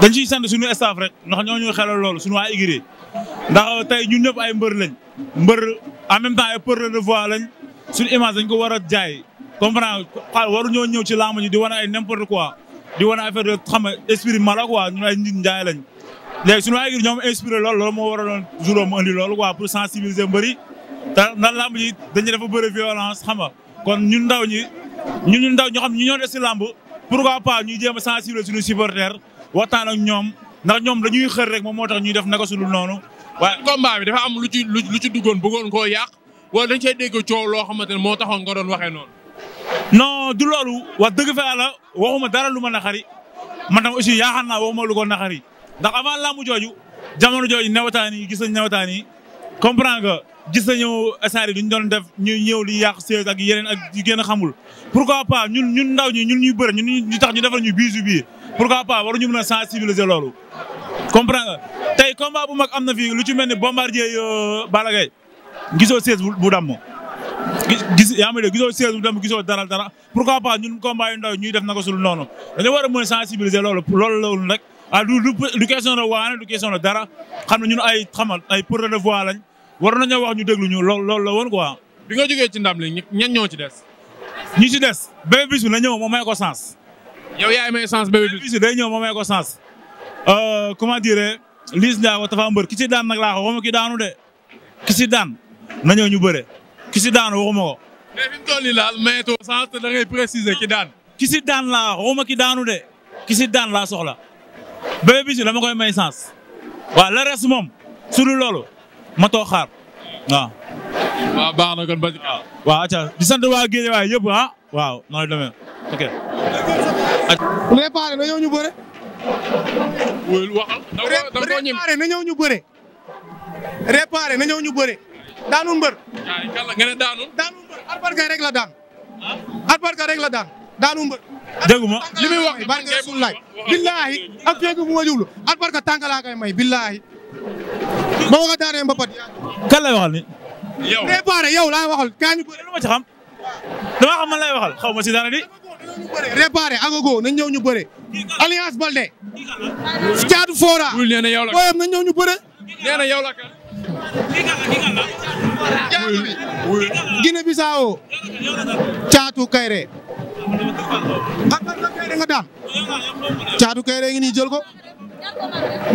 dañ ciy sant suñu staff rek loolu suñu waa Igiré ndax tey ñun ñëpp ay mbër lañ mbër en même temps ay porteurs de voix lañ suñu image dañ ko war a jaay. comprendre waruñoo ñëw ci làmb ji di wane ay n'importe quoi di wane affaire de xam nga esprit mala quoi ñun ay nit njaay lañ léegi suñu waay ñoom inspiré lool loolu moo waraloon juróom mu andi loolu quoi pour sensibiliser mbëri te na làmb ji dañuy dafa bëri violence xam nga kon ñun ndaw ñi ñun ñun ndaw ñoo xam ñu ñoo des si làmb pourquoi pas ñuy jéem a sensibiliser suñu waxtaan ak ñoom ndax ñoom dañuy xër rek moom moo tax ñuy def naka su dul noonu waaye combat bi dafa am lu ci lu ci duggoon bëggoon koo yàq wala dañ cey dégg coow loo xamante ne moo taxoon nga doon waxee noonu non du loolu wa dëgg fa yàlla waxuma dara lu ma naxari man tam aussi yaakaar naa waxuma lu ko naxari ndax avant làmb jooju jamono jooju nawetaan yi gis nañ nawetaan yi comprendre nga gis nañu esaar yi duñ doon def ñu ñëw li yàq séeréer ak yeneen ak yu gën a xamul. pourquoi pas ñun ñun ndaw ñi ñun ñuy bëre ñun ñu tax ñu defal ñu biis biisu biir pourquoi pas waruñu mën a sensibiliser loolu. comprendre nga tey combat bu mag am na fii lu ci mel ni bombardier euh, Balla Gaye gisoo séeréer bu damm. gis yaa ngi may dégg gisoo séeréer bu dem gisoo dara dara pourquoi pas ñun combat yu ndaw ñuy def naka sul noonu dañoo war a mën a sensibiliser loolu loolu loolu rek ah du du question la waane du question la dara xam ne ñun ay xamal ay porte de voix lañ war nañoo wax ñu déglu ñu loolu loolu la woon quoi. bi nga jógee ci ndam li ñan ñoo ci des. ñi ci des Bébé Bismi na ñëw moom may ko sens. yow yaay may sens Bébé Bismi day ñëw moom may ko sens. Euh, comment dire Liss Ndiago Tapha Mbeur ki ci daan nag laa ko waxuma ki daanu de ki ci daan na ñëw ñu bëre. ki si daan waxuma ko. mais fi mu toll nii laal mayatoo sens te da ngay préciser ki daan. ki si daan laa waxuma ki daanu de ki si daan laa soxla Bébé Bismi dama koy may sens waaw le reste moom su dul loolu ma toog xaar waaw. waaw baax na kon ba. waaw waaw atiwaat di sant waa Guèye waaye yëpp ah waaw noonu la demee ok. préparé na ñëw ñu bëre. wóolu waxal. da nga koo ñëw préparé na ñëw ñu bëre. préparé na ñëw ñu bëre. daanul mbër. nga ne daanul. daanul mbër albarka rek la daan. albarka ah? rek la daan daanul mbër. dégguma li muy wax barke Rasulullaay billaahi ak feeg bu ma jublu albarka tànk laa koy may billaahi. ba ma ko daanee mbapat. kan lay waxal ni. yow préparé yow laa waxal kaa ñu bëri lu ma ci xam. damaa xam man lay waxal xaw ma si dara di. réparé agogo nañ ñëw ñu bëre. alliance Balde. caatu Fora. wul nee na yow la kan booyam nañ ñëw ñu bëre. nee na yow la kan. Guinée Bissau Thiatou Kairé Xarkandoum Kairé nga daan Thiatou Kairé ngi nii jël ko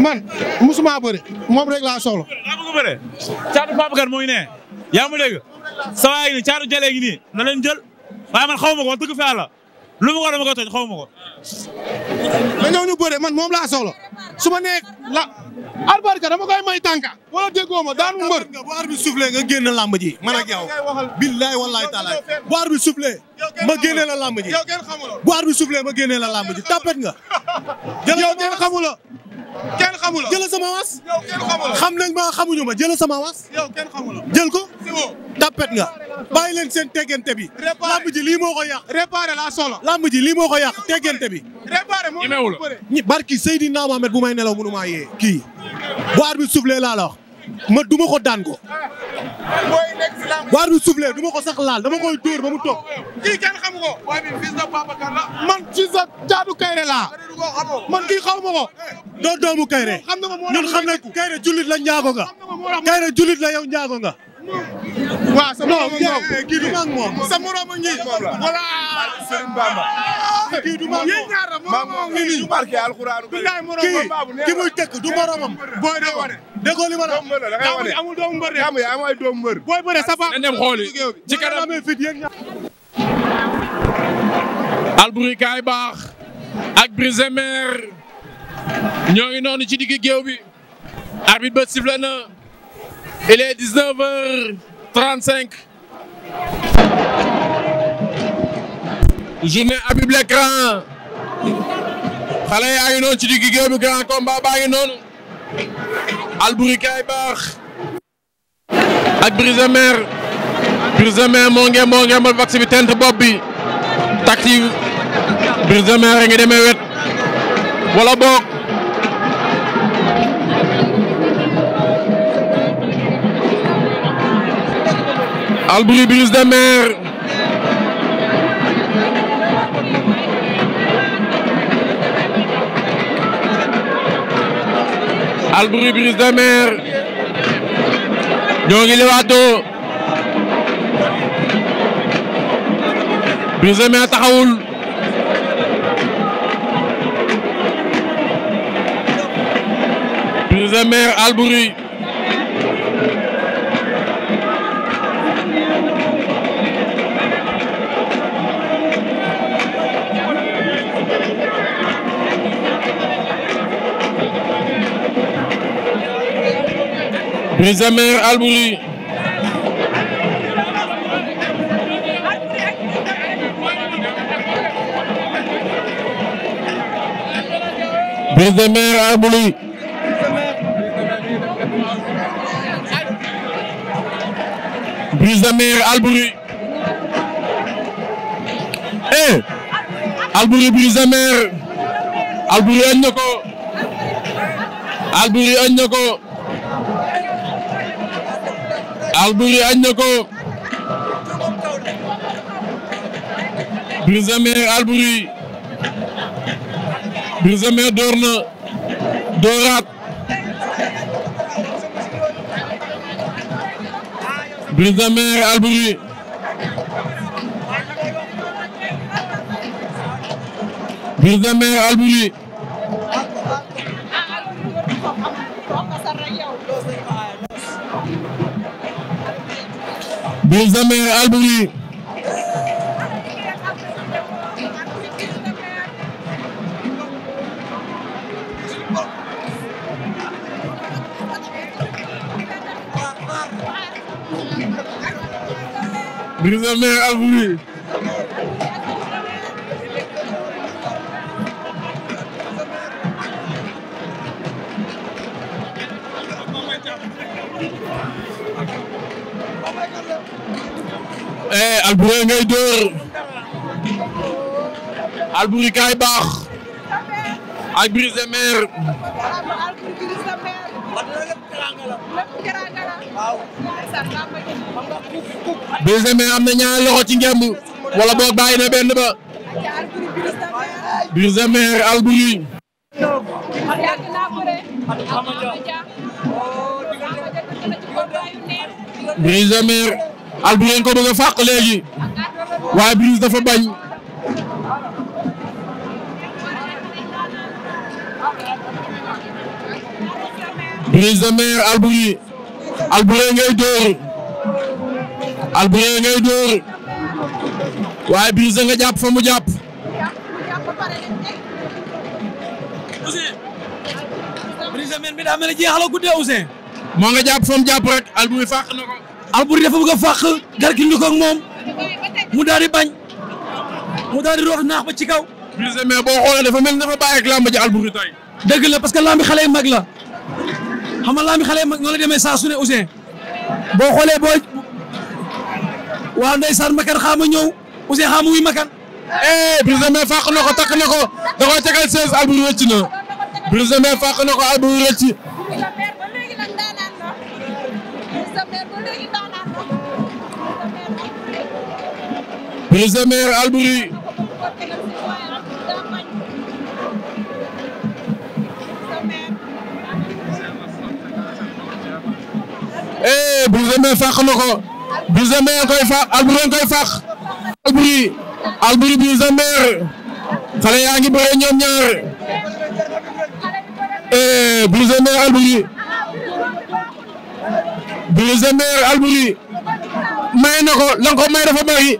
man musuma bëri moom rek laa soxla. yaa bëgg bëre Thiatou Babacar moo ngi ne yaa ma dégg sa waay ngi nii na leen jël man xaw ma ko wax dëgg fa lu ma ko dama ko toj xaw ma ko. ñu bëre man moom laa soxla su ma la. albarka dama koy may tànka wala déggoo ma daanu mbër. bu aar bi soufflé nga génn làmb ji man ak yow. billaay wallaay taalaay bu aar bi soufflé ma génnee la làmb ji. bu aar bi ma génnee la làmb ji tapet nga. yow kenn xamula jël sama was. xam nañ ma xamuñu ma jël sama was. jël ko. tapet nga bàyyi leen seen teggente bi. làmb ji lii moo ko yàq. réparé la solo. làmb ji lii moo ko yàq teggante bi. réparé moo ñi barki Seydina Mohamed bu may nelaw mënu maa yee kii bu bi soufflé laa la ma duma ko daan ko. bu arbitre soufflé duma ko sax laal dama koy dóor ba mu toog. kii kenn xamu ko. man fils de Thiatou Kairé laa. man kii xaw ma ko. Eh. doo doomu Kairé. ñun xam nañ Kairé jullit la njaago nga. Kairé jullit la yow njaago nga. waaw sa moromu ñoom kii du mag moom sa moromu ñi voilà Serigne Bamba kii du mag moom ñaar la moom ngi nii barke alxuraan kii ki muy tëkk du moromam booy de wane déggoo li ma la wax amul doomu mbër de amul amul doomu mbër booy bëre safa dem xooli ci kanam Alboury kaay baax ak Brise Mer ñoo ngi noonu ci digg géew bi arbitre ba sifflé na Il est 19h35. Journée Habib Lekran. Xale yaa ngi noonu ci digg géew bi grand combat baa ngi noonu. Albourikaay baax. ak Brise Mer. Brise Mer moo ngi moo ngi amal vax bi tent bopp bi. takk ci Brise Mer a ngi demee wet wala boog. Alboury Brise de Mer Alboury Brise de Mer ñoo ngi lewaatoo Brise de Mer taxawul Brise de Mer Alboury Brise de Mer Albouri Brise de Mer Albouri Brise de Mer Albouri eh Albouri Brise de Mer Albouri añ na ko Albouri añ na ko Alboury añ na ko Brise de Mer na dooraat Brise de Mer Brise de Mer Alboury ngay dóor Alboury kaay baax ak Brise am na ñaari loxo ci ngemb wala boog bàyyi na benn ba Brise de Mer Alboury ko bëgg a fàq léegi waaye Brise dafa bañ Brise de Mer Alboury Alboury ngay dóor waaye Brise nga jàpp fa mu jàpp Ousseyn Brise bi daa mel ne jeexal a guddee Ousseyn moo nga jàpp fa mu jàpp rek Alboury fàq na Alboury dafa bëgg a fàq Gargui moom mu daal di bañ mu daal di roof naax ba ci kaw. Brise mais boo xoolee dafa mel ni dafa bàyyi ak làmb ji Alboury tey. dëgg la parce que làmb xale yu mag la xam nga làmb xale yu mag ñoo la demee saa su ne Ousseyn boo xoolee boo waa ndeysaan Makan xaama ñëw Ousseyn xaama wuy Makan. Eh, Brise mais fàq na ko takk na ko da koy tegal 16 Alboury rëcc na Brise mais fàq na ko Alboury rëcc. Brise de Mer Albouri eh Brise de Mer fàq na ko Brise de Mer koy fàq Albouri koy fàq Albouri yaa ngi bëre ñoom ñaar eh Brise de Mer Albouri Brise de may na ko may dafa bari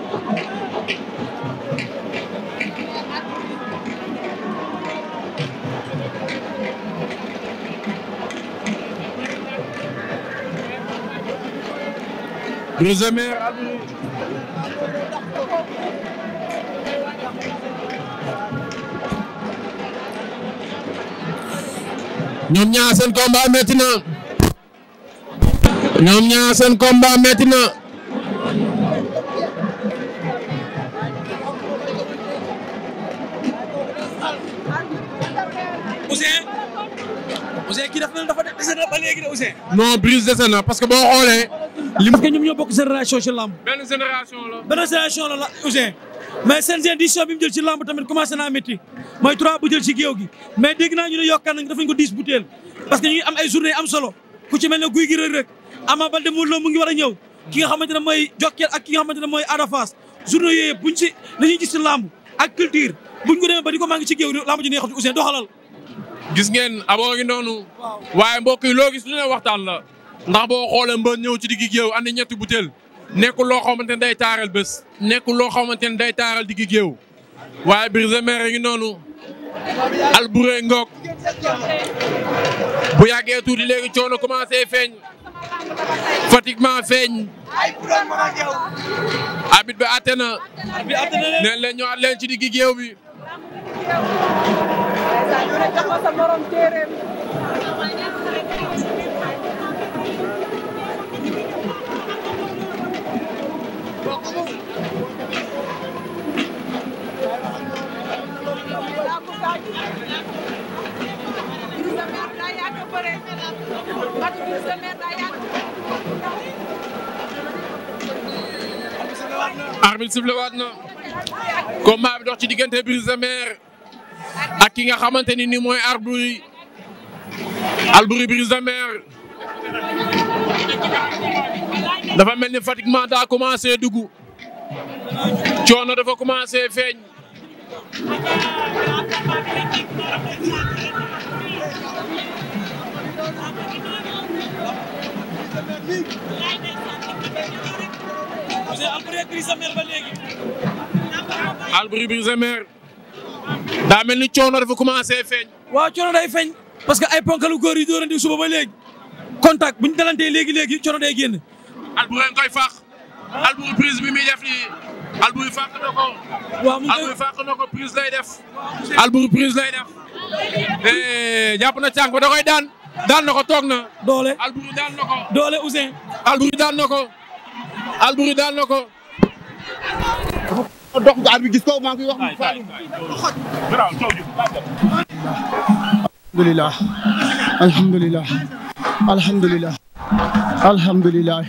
Rosemer ñoom ñaar seen combat metti na Ousseyn kii dafa mel dafa na ba de Ousseyn. parce que boo xoolee. li parce que bokk génération ci lamb. benn génération la. benn mais seen édition bi mu jël ci lamb tamit commencé naa trois bu jël ci mais dégg naa ñu ne yokkaan nañ dafa ñu ko dix butéel parce que am ay journée am solo ku ci ne guy gi rëg rëg Ama Baldé Modou Lô ngi war a ñëw ki nga xamante ne mooy Jokkel ak ki nga xamante ne mooy Ada Fass journée yooyu yëpp buñ ci dañuy gis ci lamb ak culture buñ ko demee gis ngeen aboo ngi noonu. waaye mbokk yi loo gis lu ne waxtaan la. ndax boo xoolee mbër ñëw ci digg géew andi ñetti butéel. nekkul loo xamante day taaral bés. nekkul loo xamante ne day taaral digg géew. waaye Brise Mer ngi noonu. Alboury Ngok. bu yàggee tuuti léegi coono commencé feeñ. fatiguement feeñ. abit ba àtte neen leen ñëwaat leen ci digg géew bi. ndeysaan ñu ne jox ma sa morom téeréem arbitre sifflé waat na combat bi dox ci diggante Brise de Mer ak ki nga xamante ni ni mooy Alboury Alboury Brise de dafa mel ni fatiguement daa commencé dugg coono dafa commencé feeñ Alboury Brise de Mer daa mel ni coono dafa commencé feeñ. waa coono day feeñ parce que ay ponkalu góor yi dóorante suba ba léegi contact bu ñu dalantee léegi léegi coono day génn. albu ngeen koy faax albu prise bi muy def nii albu yi faax na ko. waaw mu ngi albu yi prise lay def. albu prise lay def. Eh, jàpp na cànk ba da koy daan daan na ko toog na. doole alburu daan na doole Ousseyn. alburu daan na ko. alburu daan ko. dox nga arbitre bi gis ko maa ngi koy wax. alhamdulilah alhamdulilah alhamdulilah alhamdulilah.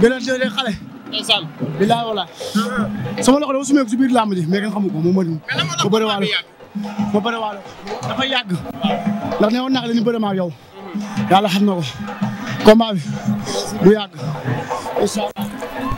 gën a jëlee xale. ndeysaan. bilaay moom ma bëri waale ma bëri waale dafa yàgg. ndax ne woon naa leen bëri ma ak yow. yàlla xam na combat bi du yàgg incha allah